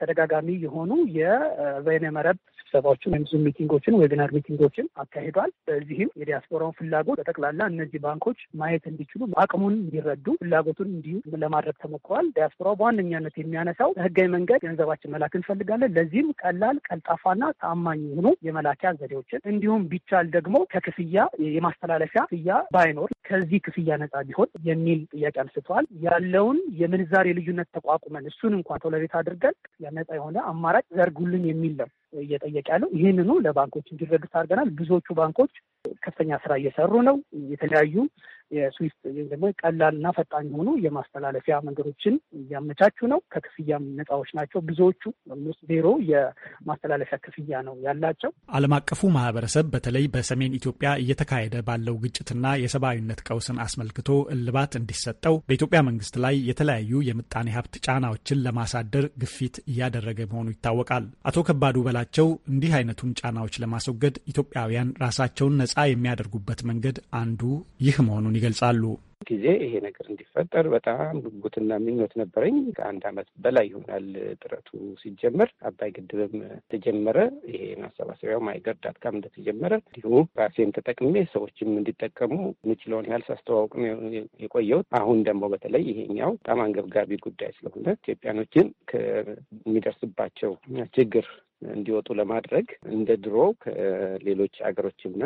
Speaker 15: ተደጋጋሚ የሆኑ የበይነመረብ ስብሰባዎችን ወይም ዙም ሚቲንጎችን፣ ዌቢናር ሚቲንጎችን አካሂዷል። በዚህም የዲያስፖራውን ፍላጎት በጠቅላላ እነዚህ ባንኮች ማየት እንዲችሉ አቅሙን እንዲረዱ ፍላጎቱን እንዲሁ ለማድረግ ተሞክሯል። ዲያስፖራው በዋነኛነት የሚያነሳው በህጋዊ መንገድ ገንዘባችን መላክ እንፈልጋለን። ለዚህም ቀላል፣ ቀልጣፋና ተአማኝ የሆኑ የመላኪያ ዘዴዎችን እንዲሁም ቢቻል ደግሞ ከክፍያ የማስተላለፊያ ክፍያ ባይኖር ከዚህ ክፍያ ነጻ ቢሆን የሚል ጥያቄ አንስተዋል። ያለውን የምንዛሬ ልዩነት ተቋቁመን እሱን እንኳን ተውለቤት አድርገን ነጻ የሆነ አማራጭ ዘርጉልን የሚል ነው እየጠየቅ ያለው። ይህንኑ ለባንኮች እንዲረግስ አድርገናል። ብዙዎቹ ባንኮች ከፍተኛ ስራ እየሰሩ ነው። የተለያዩ የስዊፍት ወይም ደግሞ ቀላልና ፈጣን የሆኑ የማስተላለፊያ መንገዶችን እያመቻቹ ነው። ከክፍያም ነፃዎች ናቸው። ብዙዎቹ ዜሮ የማስተላለፊያ ክፍያ ነው ያላቸው።
Speaker 4: ዓለም አቀፉ ማህበረሰብ በተለይ በሰሜን ኢትዮጵያ እየተካሄደ ባለው ግጭትና የሰብአዊነት ቀውስን አስመልክቶ እልባት እንዲሰጠው በኢትዮጵያ መንግስት ላይ የተለያዩ የምጣኔ ሀብት ጫናዎችን ለማሳደር ግፊት እያደረገ መሆኑ ይታወቃል። አቶ ከባዱ በላቸው እንዲህ አይነቱን ጫናዎች ለማስወገድ ኢትዮጵያውያን ራሳቸውን ነፃ የሚያደርጉበት መንገድ አንዱ ይህ መሆኑን ይገልጻሉ።
Speaker 6: ጊዜ ይሄ ነገር እንዲፈጠር በጣም ጉጉትና ምኞት ነበረኝ። ከአንድ ዓመት በላይ ይሆናል ጥረቱ ሲጀመር። አባይ ግድብም ተጀመረ። ይሄ ማሰባሰቢያው ማይገር ዳትካም እንደተጀመረ እንዲሁ ራሴን ተጠቅሜ ሰዎችም እንዲጠቀሙ የምችለውን ያህል ሳስተዋውቅ የቆየሁት። አሁን ደግሞ በተለይ ይሄኛው በጣም አንገብጋቢ ጉዳይ ስለሆነ ኢትዮጵያኖችን ከሚደርስባቸው ችግር እንዲወጡ ለማድረግ እንደ ድሮ ከሌሎች ሀገሮችና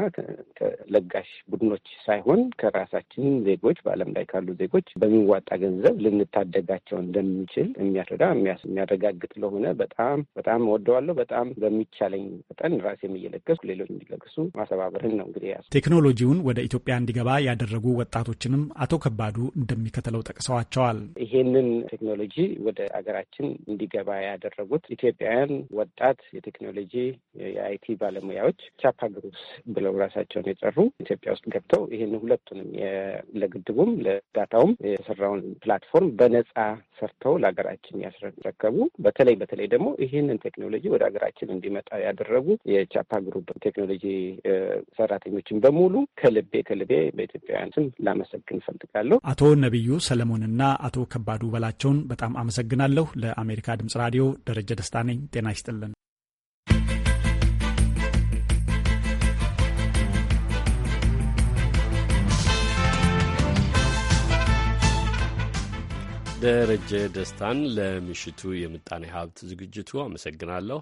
Speaker 6: ከለጋሽ ቡድኖች ሳይሆን ከራሳችን ዜጎች በዓለም ላይ ካሉ ዜጎች በሚዋጣ ገንዘብ ልንታደጋቸው እንደሚችል የሚያስረዳ የሚያረጋግጥ ለሆነ በጣም በጣም ወደዋለሁ። በጣም በሚቻለኝ መጠን ራሴ እየለገስኩ ሌሎች እንዲለግሱ ማሰባበርን ነው እንግዲህ ያስ
Speaker 4: ቴክኖሎጂውን ወደ ኢትዮጵያ እንዲገባ ያደረጉ ወጣቶችንም አቶ ከባዱ እንደሚከተለው ጠቅሰዋቸዋል።
Speaker 6: ይሄንን ቴክኖሎጂ ወደ አገራችን እንዲገባ ያደረጉት ኢትዮጵያውያን ወጣት የቴክኖሎጂ የአይቲ ባለሙያዎች ቻፓ ብለው ራሳቸውን የጠሩ ኢትዮጵያ ውስጥ ገብተው ይህን ሁለቱንም ለግድ ለምግቡም ለእርዳታውም የተሰራውን ፕላትፎርም በነፃ ሰርተው ለሀገራችን ያስረከቡ በተለይ በተለይ ደግሞ ይህንን ቴክኖሎጂ ወደ ሀገራችን እንዲመጣ ያደረጉ የቻፓ ግሩፕ ቴክኖሎጂ ሰራተኞችን በሙሉ ከልቤ ከልቤ በኢትዮጵያውያን ስም ላመሰግን እፈልጋለሁ።
Speaker 4: አቶ ነቢዩ ሰለሞንና አቶ ከባዱ በላቸውን በጣም አመሰግናለሁ። ለአሜሪካ ድምጽ ራዲዮ ደረጀ ደስታ ነኝ። ጤና ይስጥልን።
Speaker 1: ደረጀ ደስታን ለምሽቱ የምጣኔ ሀብት ዝግጅቱ አመሰግናለሁ።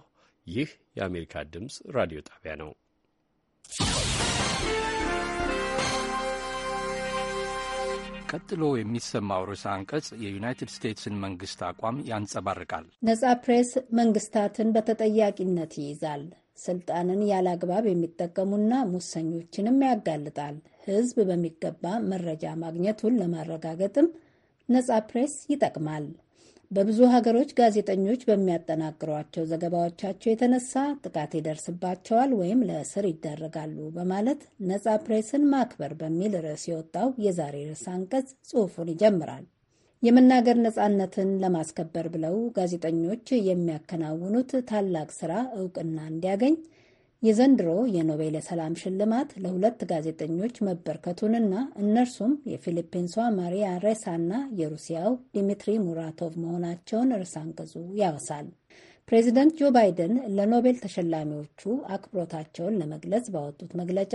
Speaker 1: ይህ የአሜሪካ ድምፅ ራዲዮ ጣቢያ ነው። ቀጥሎ የሚሰማው ርዕሰ አንቀጽ
Speaker 3: የዩናይትድ ስቴትስን መንግስት አቋም ያንጸባርቃል።
Speaker 17: ነጻ ፕሬስ መንግስታትን በተጠያቂነት ይይዛል፣ ስልጣንን ያለ አግባብ የሚጠቀሙና ሙሰኞችንም ያጋልጣል፣ ህዝብ በሚገባ መረጃ ማግኘቱን ለማረጋገጥም ነጻ ፕሬስ ይጠቅማል። በብዙ ሀገሮች ጋዜጠኞች በሚያጠናቅሯቸው ዘገባዎቻቸው የተነሳ ጥቃት ይደርስባቸዋል ወይም ለእስር ይዳረጋሉ በማለት ነጻ ፕሬስን ማክበር በሚል ርዕስ የወጣው የዛሬ ርዕስ አንቀጽ ጽሑፉን ይጀምራል። የመናገር ነጻነትን ለማስከበር ብለው ጋዜጠኞች የሚያከናውኑት ታላቅ ስራ እውቅና እንዲያገኝ የዘንድሮ የኖቤል የሰላም ሽልማት ለሁለት ጋዜጠኞች መበርከቱንና እነርሱም የፊሊፒንሷ ማሪያ ሬሳና የሩሲያው ዲሚትሪ ሙራቶቭ መሆናቸውን ርዕሰ አንቀጹ ያወሳል። ፕሬዚደንት ጆ ባይደን ለኖቤል ተሸላሚዎቹ አክብሮታቸውን ለመግለጽ ባወጡት መግለጫ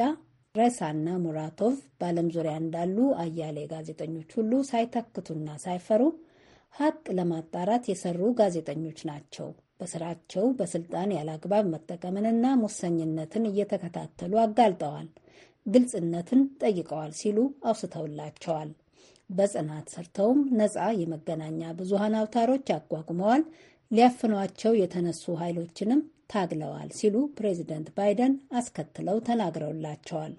Speaker 17: ሬሳና ሙራቶቭ በዓለም ዙሪያ እንዳሉ አያሌ ጋዜጠኞች ሁሉ ሳይተክቱና ሳይፈሩ ሀቅ ለማጣራት የሰሩ ጋዜጠኞች ናቸው በስራቸው በስልጣን ያለአግባብ መጠቀምንና ሙሰኝነትን እየተከታተሉ አጋልጠዋል፣ ግልጽነትን ጠይቀዋል ሲሉ አውስተውላቸዋል። በጽናት ሰርተውም ነፃ የመገናኛ ብዙሃን አውታሮች አቋቁመዋል፣ ሊያፍኗቸው የተነሱ ኃይሎችንም ታግለዋል ሲሉ ፕሬዚደንት ባይደን አስከትለው ተናግረውላቸዋል።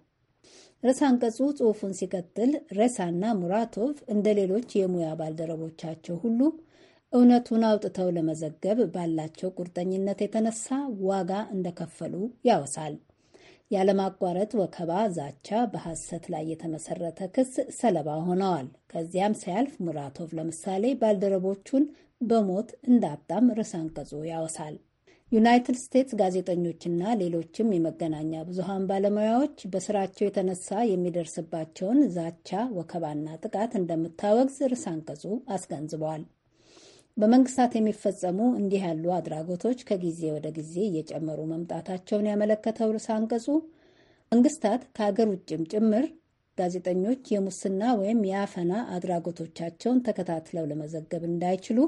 Speaker 17: ርዕሰ አንቀጹ ጽሑፉን ሲቀጥል ሬሳና ሙራቶቭ እንደ ሌሎች የሙያ ባልደረቦቻቸው ሁሉ እውነቱን አውጥተው ለመዘገብ ባላቸው ቁርጠኝነት የተነሳ ዋጋ እንደከፈሉ ያወሳል። ያለማቋረጥ ወከባ፣ ዛቻ፣ በሐሰት ላይ የተመሰረተ ክስ ሰለባ ሆነዋል። ከዚያም ሲያልፍ ሙራቶቭ ለምሳሌ ባልደረቦቹን በሞት እንዳጣም ርዕሰ አንቀጹ ያወሳል። ዩናይትድ ስቴትስ ጋዜጠኞችና ሌሎችም የመገናኛ ብዙሃን ባለሙያዎች በስራቸው የተነሳ የሚደርስባቸውን ዛቻ፣ ወከባና ጥቃት እንደምታወግዝ ርዕሰ አንቀጹ አስገንዝበዋል። በመንግስታት የሚፈጸሙ እንዲህ ያሉ አድራጎቶች ከጊዜ ወደ ጊዜ እየጨመሩ መምጣታቸውን ያመለከተው ርዕሰ አንቀጹ መንግስታት ከሀገር ውጭም ጭምር ጋዜጠኞች የሙስና ወይም የአፈና አድራጎቶቻቸውን ተከታትለው ለመዘገብ እንዳይችሉ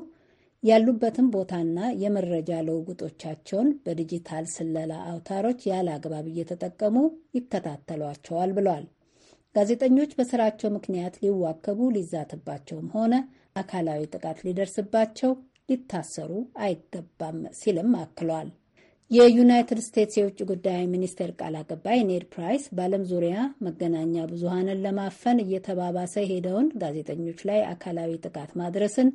Speaker 17: ያሉበትን ቦታና የመረጃ ልውውጦቻቸውን በዲጂታል ስለላ አውታሮች ያለ አግባብ እየተጠቀሙ ይከታተሏቸዋል ብሏል። ጋዜጠኞች በስራቸው ምክንያት ሊዋከቡ ሊዛትባቸውም ሆነ አካላዊ ጥቃት ሊደርስባቸው ሊታሰሩ አይገባም ሲልም አክሏል። የዩናይትድ ስቴትስ የውጭ ጉዳይ ሚኒስቴር ቃል አቀባይ ኔድ ፕራይስ በዓለም ዙሪያ መገናኛ ብዙሃንን ለማፈን እየተባባሰ ሄደውን ጋዜጠኞች ላይ አካላዊ ጥቃት ማድረስን፣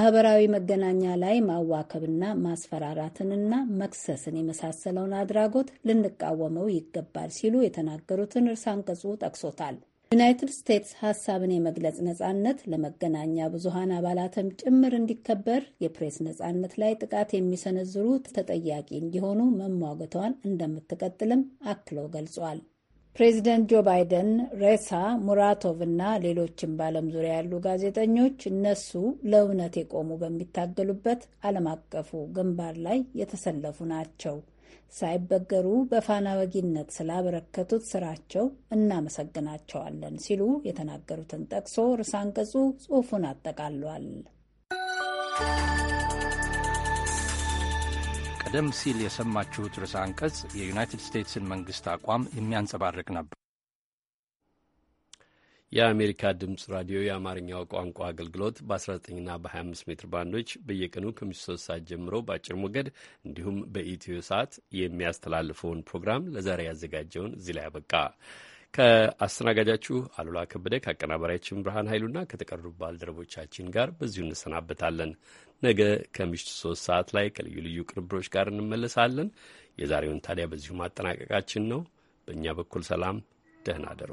Speaker 17: ማህበራዊ መገናኛ ላይ ማዋከብና ማስፈራራትንና መክሰስን የመሳሰለውን አድራጎት ልንቃወመው ይገባል ሲሉ የተናገሩትን እርሳ አንቀጹ ጠቅሶታል። ዩናይትድ ስቴትስ ሀሳብን የመግለጽ ነጻነት ለመገናኛ ብዙሀን አባላትም ጭምር እንዲከበር የፕሬስ ነጻነት ላይ ጥቃት የሚሰነዝሩ ተጠያቂ እንዲሆኑ መሟገቷን እንደምትቀጥልም አክሎ ገልጿል። ፕሬዚደንት ጆ ባይደን ሬሳ ሙራቶቭ እና ሌሎችም በዓለም ዙሪያ ያሉ ጋዜጠኞች እነሱ ለእውነት የቆሙ በሚታገሉበት ዓለም አቀፉ ግንባር ላይ የተሰለፉ ናቸው ሳይበገሩ በፋና ወጊነት ስላበረከቱት ስራቸው እናመሰግናቸዋለን ሲሉ የተናገሩትን ጠቅሶ ርዕሰ አንቀጹ ጽሑፉን አጠቃሏል።
Speaker 3: ቀደም ሲል
Speaker 1: የሰማችሁት ርዕሰ አንቀጽ የዩናይትድ ስቴትስን መንግስት አቋም የሚያንጸባርቅ ነበር። የአሜሪካ ድምፅ ራዲዮ የአማርኛው ቋንቋ አገልግሎት በ19ና በ25 ሜትር ባንዶች በየቀኑ ከምሽቱ 3 ሰዓት ጀምሮ በአጭር ሞገድ እንዲሁም በኢትዮ ሰዓት የሚያስተላልፈውን ፕሮግራም ለዛሬ ያዘጋጀውን እዚህ ላይ አበቃ። ከአስተናጋጃችሁ አሉላ ከበደ ከአቀናባሪያችን ብርሃን ኃይሉና ከተቀሩ ባልደረቦቻችን ጋር በዚሁ እንሰናበታለን። ነገ ከምሽቱ ሶስት ሰዓት ላይ ከልዩ ልዩ ቅንብሮች ጋር እንመለሳለን። የዛሬውን ታዲያ በዚሁ ማጠናቀቃችን ነው። በእኛ በኩል ሰላም፣ ደህና አደሩ።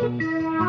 Speaker 2: Música